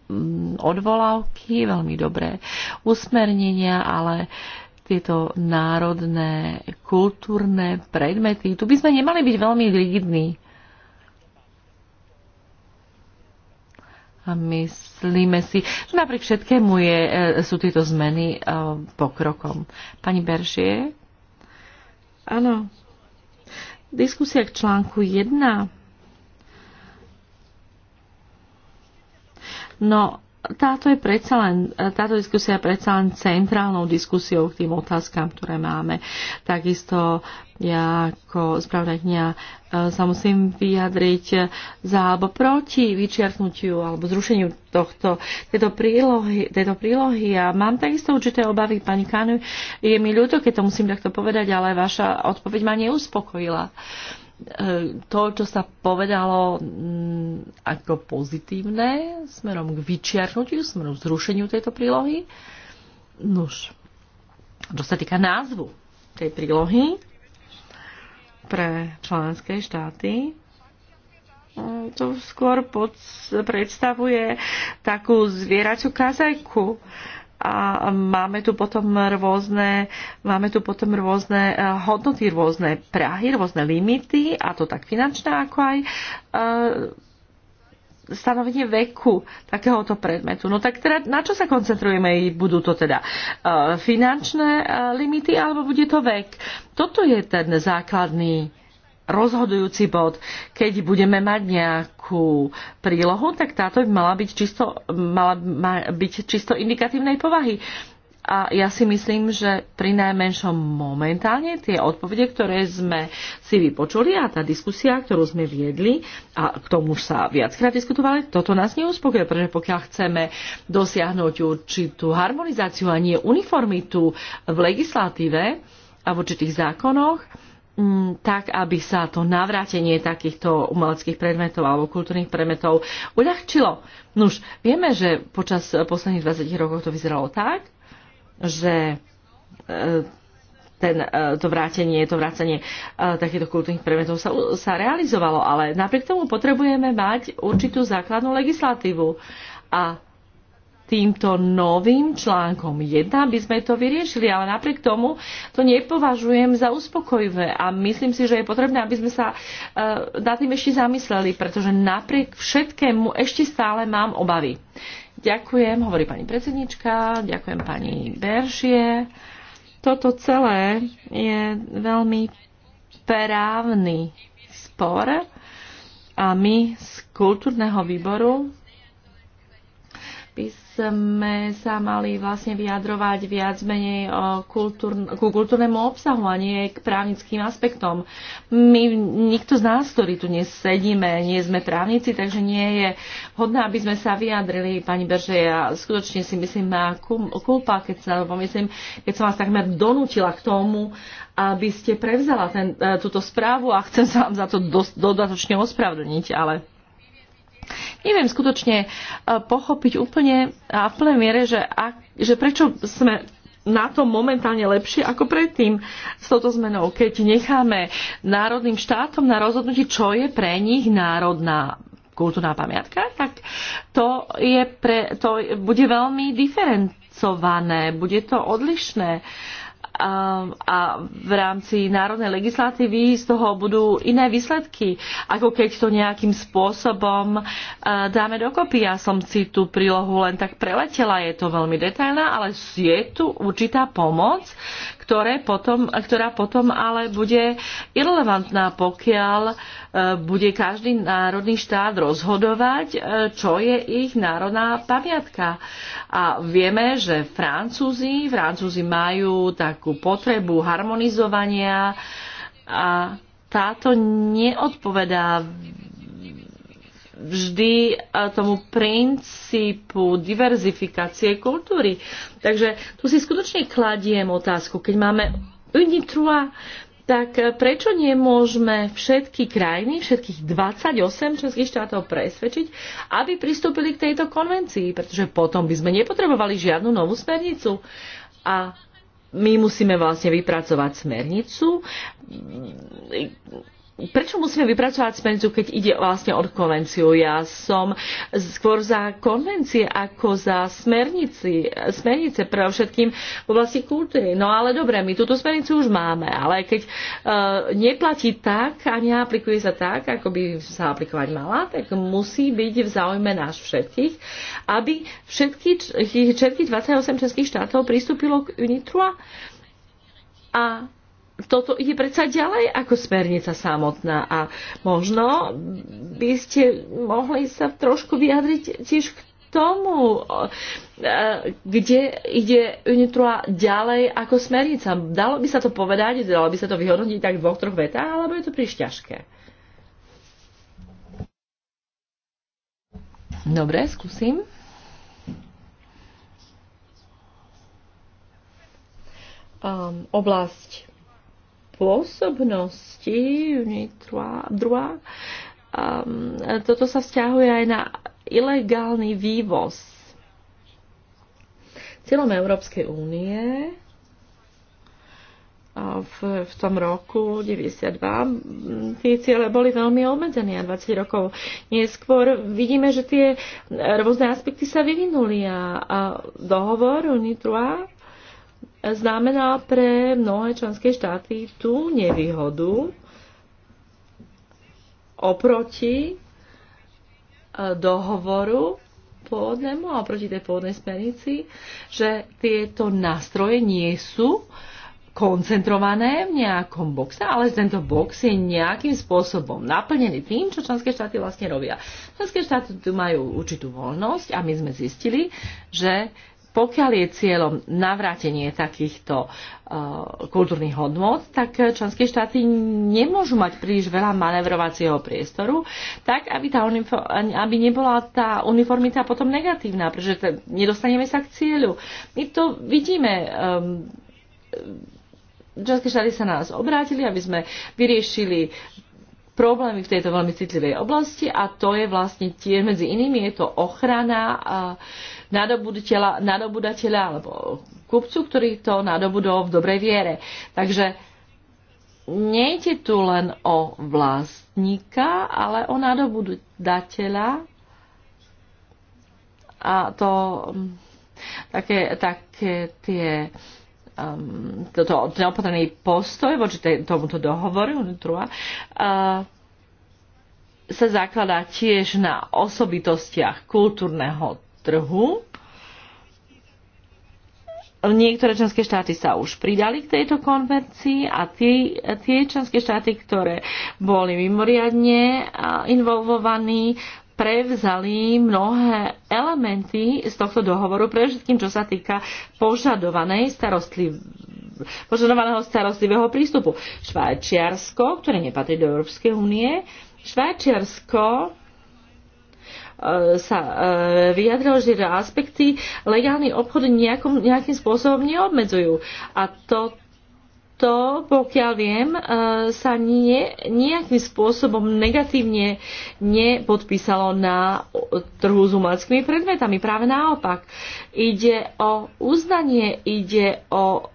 mm, odvolávky, veľmi dobré usmernenia, ale tieto národné, kultúrne predmety, tu by sme nemali byť veľmi rigidní. A myslíme si, že napriek všetkému je, e, sú tieto zmeny e, pokrokom. Pani Beržie? Áno. Diskusia k článku 1. No, táto, je predsa len, táto diskusia je predsa len centrálnou diskusiou k tým otázkam, ktoré máme. Takisto ja ako spravodajkňa e, sa musím vyjadriť za alebo proti vyčiarknutiu alebo zrušeniu tohto, tejto, prílohy, tejto prílohy. A mám takisto určité obavy, pani Kanu. Je mi ľúto, keď to musím takto povedať, ale vaša odpoveď ma neuspokojila. Uh, E, to, čo sa povedalo mm, ako pozitívne smerom k vyčiarnutiu, smerom k zrušeniu tejto prílohy. Nuž, čo sa týka názvu tej prílohy pre členské štáty, mm, to skôr pod, predstavuje takú zvieraciu kazajku a máme tu potom rôzne, máme tu potom rôzne eh, hodnoty, rôzne prahy, rôzne limity, a to tak finančné, ako aj eh, stanovenie veku takéhoto predmetu. No tak teda na čo sa koncentrujeme? Budú to teda eh, finančné limity alebo bude to vek? Toto je ten základný rozhodujúci bod. Keď budeme mať nejakú prílohu, tak táto by mala byť čisto, mala byť čisto indikatívnej povahy. A ja si myslím, že pri najmenšom momentálne tie odpovede, ktoré sme si vypočuli a tá diskusia, ktorú sme viedli, a k tomu už sa viackrát diskutovali, toto nás neuspokuje, pretože pokiaľ chceme dosiahnuť určitú harmonizáciu a nie uniformitu v legislatíve a v určitých zákonoch, Mm, tak, aby sa to navrátenie takýchto umeleckých predmetov alebo kultúrnych predmetov uľahčilo. Nuž, vieme, že počas posledných 20 rokov to vyzeralo tak, že e, ten, e, to vrátenie, to vrácanie e, takýchto kultúrnych predmetov sa, sa realizovalo, ale napriek tomu potrebujeme mať určitú základnú legislatívu. A týmto novým článkom 1 by sme to vyriešili, ale napriek tomu to nepovažujem za uspokojivé a myslím si, že je potrebné, aby sme sa uh, nad tým ešte zamysleli, pretože napriek všetkému ešte stále mám obavy. Ďakujem, hovorí pani predsednička, ďakujem pani Beršie. Toto celé je veľmi právny spor a my z kultúrneho výboru sme sa mali vlastne vyjadrovať viac menej e, kultúr, ku kultúrnemu obsahu a nie k právnickým aspektom. My, nikto z nás, ktorí tu nesedíme, nie sme právnici, takže nie je hodné, aby sme sa vyjadrili, pani Berže, ja skutočne si myslím má kulpa, keď sa pomyslím, keď som vás takmer donútila k tomu, aby ste prevzala ten, e, túto správu a chcem sa vám za to dodatočne ospravedlniť, ale Neviem skutočne e, pochopiť úplne a v plnej miere, že, a, že prečo sme na tom momentálne lepšie ako predtým s touto zmenou, keď necháme národným štátom na rozhodnutí, čo je pre nich národná kultúrna pamiatka, tak to, je pre, to bude veľmi diferencované, bude to odlišné. Uh, Ehm, a v rámci národnej legislatívy z toho budú iné výsledky, ako keď to nejakým spôsobom e, dáme dokopy. Ja som si tú prílohu len tak preletela, je to veľmi detailná, ale je tu určitá pomoc, ktoré potom, ktorá potom ale bude irrelevantná, pokiaľ e, bude každý národný štát rozhodovať, e, čo je ich národná pamiatka. A vieme, že Francúzi, Francúzi majú takú potrebu harmonizovania a táto neodpovedá vždy tomu princípu diverzifikácie kultúry. Takže tu si skutočne kladiem otázku, keď máme UNITRUA, tak e, prečo nemôžeme všetky krajiny, všetkých 28 členských štátov presvedčiť, aby pristúpili k tejto konvencii, pretože potom by sme nepotrebovali žiadnu novú smernicu. A my musíme vlastne vypracovať smernicu, prečo musíme vypracovať spenzu, keď ide vlastne od konvenciu? Ja som skôr za konvencie ako za smernici, smernice pre všetkým v oblasti kultúry. No ale dobre, my túto smernicu už máme, ale keď uh, neplatí tak a neaplikuje sa tak, ako by sa aplikovať mala, tak musí byť v záujme náš všetkých, aby všetky, všetky 28 českých štátov pristúpilo k UNITRU a toto ide predsa ďalej ako smernica samotná a možno by ste mohli sa trošku vyjadriť tiež k tomu, e, kde ide Unitrua ďalej ako smernica. Dalo by sa to povedať, dalo by sa to vyhodnotiť tak v dvoch, troch vetách, alebo je to príliš ťažké? Dobre, skúsim. Um, oblasť pôsobnosti UNITROA, druhá. um, toto sa vzťahuje aj na ilegálny vývoz. Cieľom Európskej únie v, v tom roku 92 tie ciele boli veľmi obmedzené a 20 rokov neskôr vidíme, že tie rôzne aspekty sa vyvinuli a, a dohovor UNITRUA znamená pre mnohé členské štáty tú nevýhodu oproti e, dohovoru pôvodnému a oproti tej pôvodnej smernici, že tieto nástroje nie sú koncentrované v nejakom boxe, ale tento box je nejakým spôsobom naplnený tým, čo členské štáty vlastne robia. Členské štáty tu majú určitú voľnosť a my sme zistili, že pokiaľ je cieľom navrátenie takýchto uh, kultúrnych hodnot, tak členské štáty nemôžu mať príliš veľa manevrovacieho priestoru, tak aby, tá aby nebola tá uniformita potom negatívna, pretože nedostaneme sa k cieľu. My to vidíme. Um, členské štáty sa na nás obrátili, aby sme vyriešili problémy v tejto veľmi citlivej oblasti a to je vlastne tie, medzi inými je to ochrana uh, nadobudateľa alebo kupcu, ktorý to nadobudol v dobrej viere. Takže nejde tu len o vlastníka, ale o nadobudateľa a to mm, také, také tie um, toto neopatrný postoj voči tomuto dohovoru uh, sa zakladá tiež na osobitostiach kultúrneho trhu. Niektoré členské štáty sa už pridali k tejto konvencii a tie, tie členské štáty, ktoré boli mimoriadne involvovaní, prevzali mnohé elementy z tohto dohovoru, všetkým, čo sa týka požadovanej starostliv požadovaného starostlivého prístupu. Švajčiarsko, ktoré nepatrí do Európskej únie, Švajčiarsko E, sa e, vyjadril, že aspekty legálny obchod nejakom, nejakým spôsobom neobmedzujú. A to, to, pokiaľ viem, e, sa nie, nejakým spôsobom negatívne nepodpísalo na trhu s umeleckými predmetami. Práve naopak. Ide o uznanie, ide o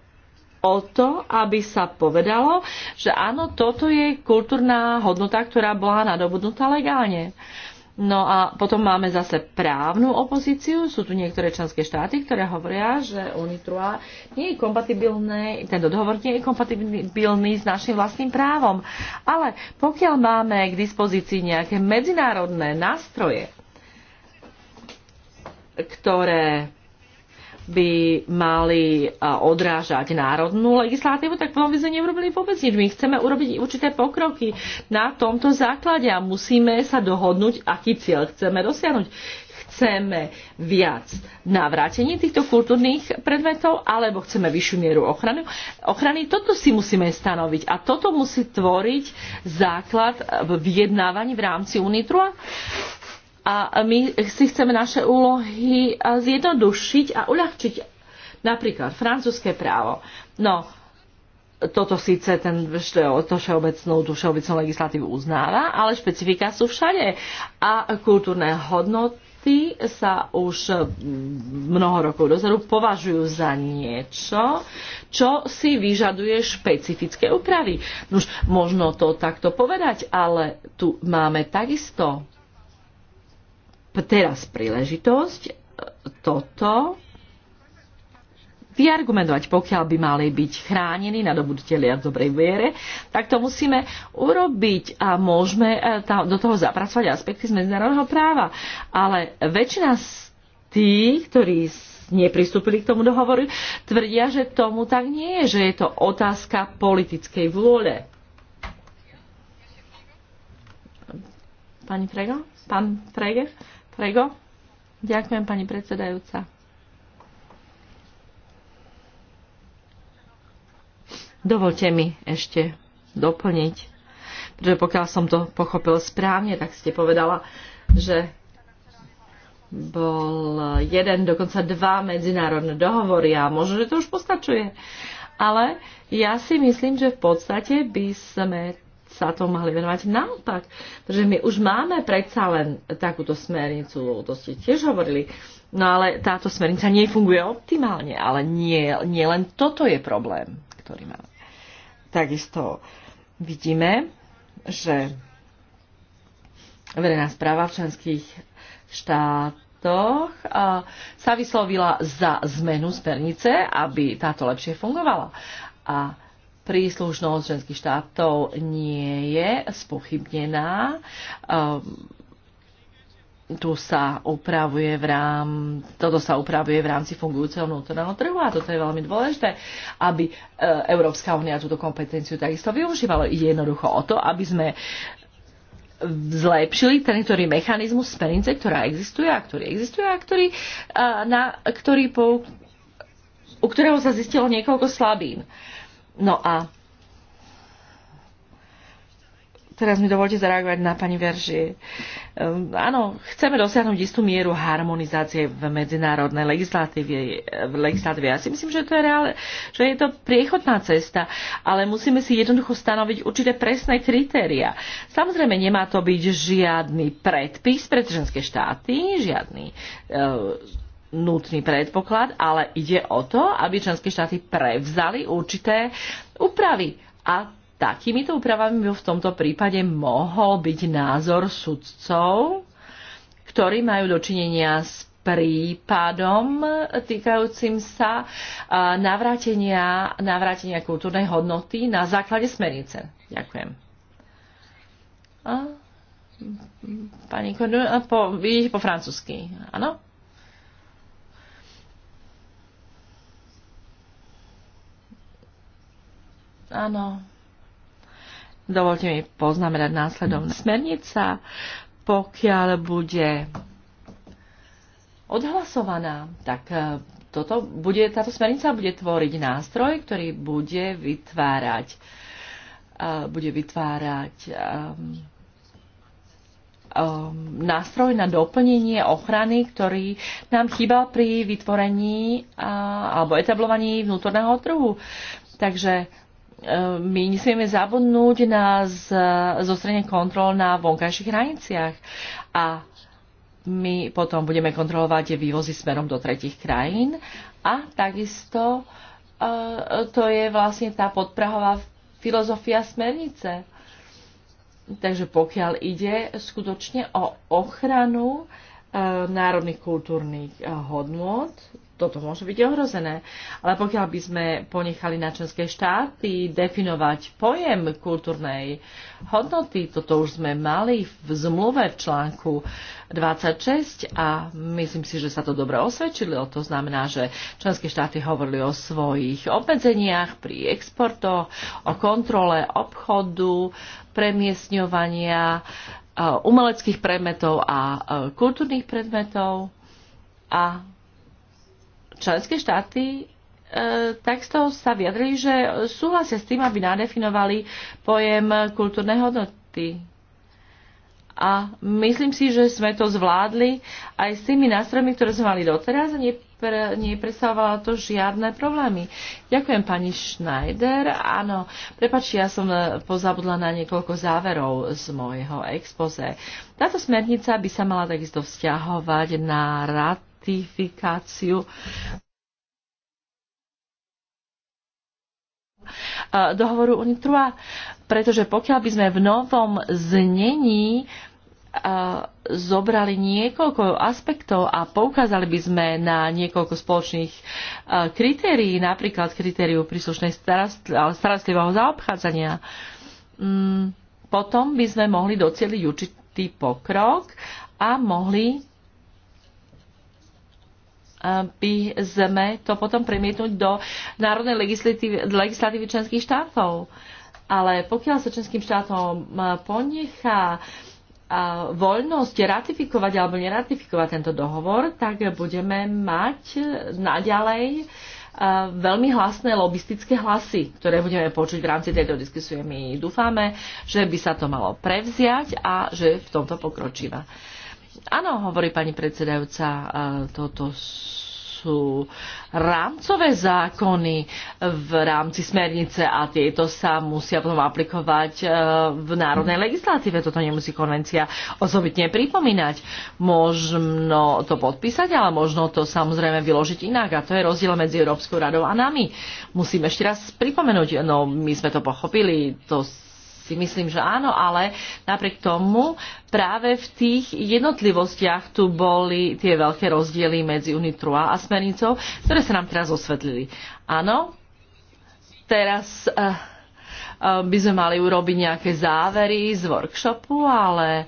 o to, aby sa povedalo, že áno, toto je kultúrna hodnota, ktorá bola nadobudnutá legálne. Uh, No a potom máme zase právnu opozíciu. Sú tu niektoré členské štáty, ktoré hovoria, že UNITRUA nie je kompatibilný, tento dohovor nie je kompatibilný s našim vlastným právom. Ale pokiaľ máme k dispozícii nejaké medzinárodné nástroje, ktoré by mali odrážať národnú legislatívu, tak potom by sme neurobili vôbec nič. My chceme urobiť určité pokroky na tomto základe a musíme sa dohodnúť, aký cieľ chceme dosiahnuť. Chceme viac navrátenie týchto kultúrnych predmetov, alebo chceme vyššiu mieru ochrany. Ochrany toto si musíme stanoviť a toto musí tvoriť základ v vyjednávaní v rámci UNITRUA a my si chceme naše úlohy zjednodušiť a uľahčiť napríklad francúzske právo. No, toto síce ten, to všeobecnú, tú všeobecnú legislatívu uznáva, ale špecifika sú všade. A kultúrne hodnoty sa už mm, mnoho rokov dozadu považujú za niečo, čo si vyžaduje špecifické úpravy. Už možno to takto povedať, ale tu máme takisto teraz príležitosť e, toto vyargumentovať, pokiaľ by mali byť chránení na dobuditeľia v dobrej viere, tak to musíme urobiť a môžeme e, do toho zapracovať aspekty z medzinárodného práva. Ale väčšina z tých, ktorí nepristúpili k tomu dohovoru, tvrdia, že tomu tak nie je, že je to otázka politickej vôle. Pani Frega? Pán Frege? Prego? Ďakujem, pani predsedajúca. Dovolte mi ešte doplniť, pretože pokiaľ som to pochopil správne, tak ste povedala, že bol jeden, dokonca dva medzinárodné dohovory a možno, že to už postačuje. Ale ja si myslím, že v podstate by sme sa tomu mali venovať naopak. Pretože my už máme predsa len takúto smernicu, to ste tiež hovorili, no ale táto smernica nefunguje optimálne, ale nie, nie len toto je problém, ktorý máme. Takisto vidíme, že verejná správa v členských štátoch sa vyslovila za zmenu smernice, aby táto lepšie fungovala. A príslušnosť členských štátov nie je spochybnená. Ehm, tu sa upravuje v rám, toto sa upravuje v rámci fungujúceho vnútorného trhu a toto je veľmi dôležité, aby e, Európska únia túto kompetenciu takisto využívala. Ide jednoducho o to, aby sme zlepšili ten, ktorý mechanizmus smernice, ktorá existuje a ktorý existuje a ktorý, e, na, ktorý po, u ktorého sa zistilo niekoľko slabín. Uh, No a teraz mi dovolte zareagovať na pani Verži. Ehm, áno, chceme dosiahnuť istú mieru harmonizácie v medzinárodnej legislatíve. V legislatíve. Ja si myslím, že, to je reál, že je to priechodná cesta, ale musíme si jednoducho stanoviť určité presné kritéria. Samozrejme, nemá to byť žiadny predpis pre ženské štáty, žiadny ehm, nutný predpoklad, ale ide o to, aby členské štáty prevzali určité úpravy. A takýmito úpravami by v tomto prípade mohol byť názor sudcov, ktorí majú dočinenia s prípadom týkajúcim sa navrátenia, navrátenia kultúrnej hodnoty na základe smernice. Ďakujem. A, pani Kornu, po, vidíte po francúzsky, áno? Áno. Dovolte mi poznamenať následovné. Smernica, pokiaľ bude odhlasovaná, tak e, toto bude, táto smernica bude tvoriť nástroj, ktorý bude vytvárať e, bude vytvárať um, um, nástroj na doplnenie ochrany, ktorý nám chýba pri vytvorení uh, alebo etablovaní vnútorného trhu. Takže my nesmieme zabudnúť na zostrenie kontrol na vonkajších hraniciach. A my potom budeme kontrolovať vývozy smerom do tretich krajín a takisto e, to je vlastne tá podprahová filozofia smernice. Takže pokiaľ ide skutočne o ochranu e, národných kultúrnych e, hodnot toto môže byť ohrozené. Ale pokiaľ by sme ponechali na členské štáty definovať pojem kultúrnej hodnoty, toto už sme mali v zmluve v článku 26 a myslím si, že sa to dobre osvedčilo. To znamená, že členské štáty hovorili o svojich obmedzeniach pri exportoch, o kontrole obchodu, premiesňovania e, umeleckých predmetov a e, kultúrnych predmetov a členské štáty e, takto sa vyjadrili, že súhlasia s tým, aby nadefinovali pojem kultúrnej hodnoty. A myslím si, že sme to zvládli aj s tými nástrojmi, ktoré sme mali doteraz a nepre, to žiadne problémy. Ďakujem pani Schneider. Áno, prepači, ja som e, pozabudla na niekoľko záverov z môjho expoze. Táto smernica by sa mala takisto vzťahovať na rad beatifikáciu. E, dohovoru UNITRUA, pretože pokiaľ by sme v novom znení e, zobrali niekoľko aspektov a poukázali by sme na niekoľko spoločných e, kritérií, napríklad kritériu príslušnej starostlivého zaobchádzania, mm, potom by sme mohli docieliť určitý pokrok a mohli by sme to potom premietnúť do národnej legislatívy, legislatívy členských štátov. Ale pokiaľ sa členským štátom ponechá voľnosť ratifikovať alebo neratifikovať tento dohovor, tak budeme mať naďalej veľmi hlasné lobistické hlasy, ktoré budeme počuť v rámci tejto diskusie. My dúfame, že by sa to malo prevziať a že v tomto pokročíva. Áno, hovorí pani predsedajúca, e, toto sú rámcové zákony v rámci smernice a tieto sa musia potom aplikovať e, v národnej legislatíve. Toto nemusí konvencia osobitne pripomínať. Možno to podpísať, ale možno to samozrejme vyložiť inak. A to je rozdiel medzi Európskou radou a nami. Musím ešte raz pripomenúť, no my sme to pochopili, to si myslím, že áno, ale napriek tomu práve v tých jednotlivostiach tu boli tie veľké rozdiely medzi Unitrua a smernicou, ktoré sa nám teraz osvetlili. Áno, teraz uh, uh, by sme mali urobiť nejaké závery z workshopu, ale eh,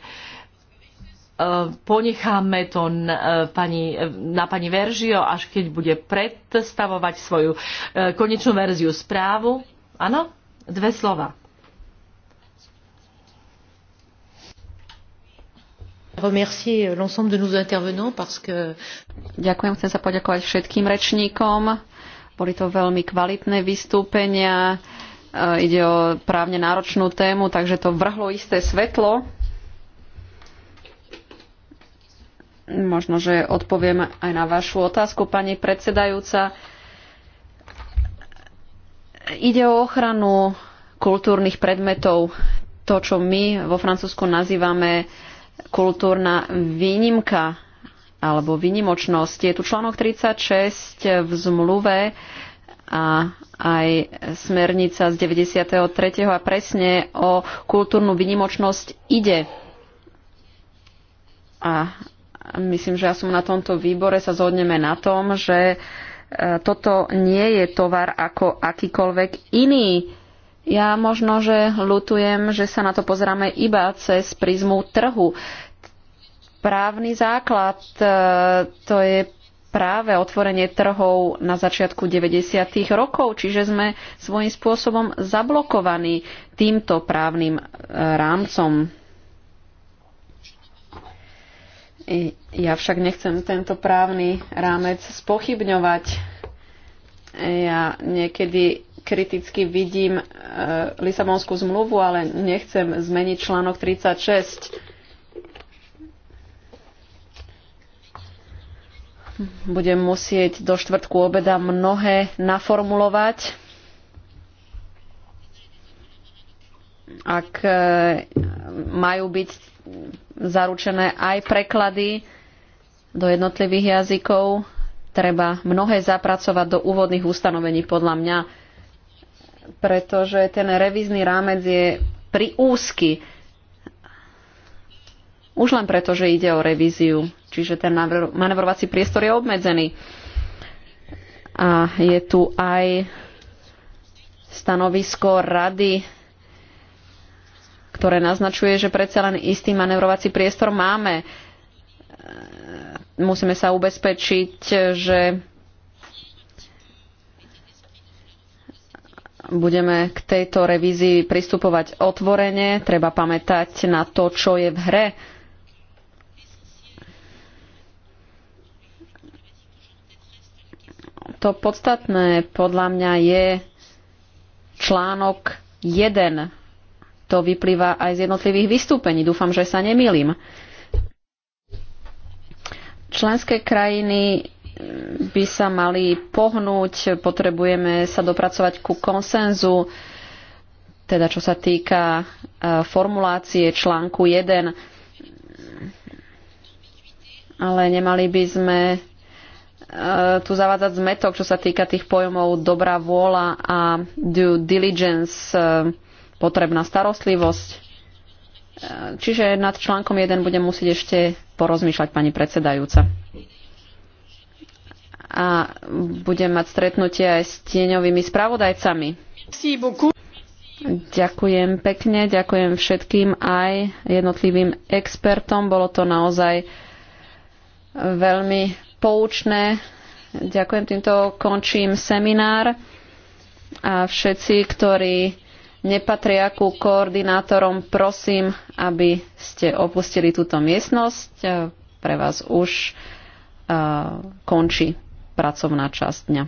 ponecháme to eh, pani, na pani Veržio, až keď bude predstavovať svoju konečnú verziu správu. Áno? Dve slova. remercier euh, l'ensemble de nos intervenants parce que... Ďakujem, chcem sa poďakovať všetkým rečníkom. Boli to veľmi kvalitné vystúpenia. Eh, ide o právne náročnú tému, takže to vrhlo isté svetlo. Možno, že odpoviem aj na vašu otázku, pani predsedajúca. Ide o ochranu kultúrnych predmetov, to, čo my vo Francúzsku nazývame kultúrna výnimka alebo výnimočnosť. Je tu článok 36 v zmluve a aj smernica z 93. a presne o kultúrnu výnimočnosť ide. A myslím, že ja som na tomto výbore sa zhodneme na tom, že e, toto nie je tovar ako akýkoľvek iný ja možno, že lutujem, že sa na to pozeráme iba cez prízmu trhu. Právny základ e, to je práve otvorenie trhov na začiatku 90. rokov, čiže sme svojím spôsobom zablokovaní týmto právnym e, rámcom. Ja však nechcem tento právny rámec spochybňovať. Ja niekedy kriticky vidím e, Lisabonskú zmluvu, ale nechcem zmeniť článok 36. Budem musieť do štvrtku obeda mnohé naformulovať. Ak e, majú byť zaručené aj preklady do jednotlivých jazykov, treba mnohé zapracovať do úvodných ustanovení podľa mňa pretože ten revízny rámec je pri úzky. Už len preto, že ide o revíziu, čiže ten manevrovací priestor je obmedzený. A je tu aj stanovisko rady, ktoré naznačuje, že predsa len istý manevrovací priestor máme. Musíme sa ubezpečiť, že budeme k tejto revízii pristupovať otvorene. Treba pamätať na to, čo je v hre. To podstatné podľa mňa je článok 1. To vyplýva aj z jednotlivých vystúpení. Dúfam, že sa nemýlim. Členské krajiny by sa mali pohnúť, potrebujeme sa dopracovať ku konsenzu, teda čo sa týka e, formulácie článku 1. Ale nemali by sme e, tu zavádzať zmetok, čo sa týka tých pojmov dobrá vôľa a due diligence, e, potrebná starostlivosť. Čiže nad článkom 1 budem musieť ešte porozmýšľať, pani predsedajúca a budem mať stretnutie aj s tieňovými spravodajcami. Ďakujem pekne, ďakujem všetkým aj jednotlivým expertom. Bolo to naozaj veľmi poučné. Ďakujem, týmto končím seminár a všetci, ktorí nepatria ku koordinátorom, prosím, aby ste opustili túto miestnosť. Pre vás už uh, končí pracovná časť dňa.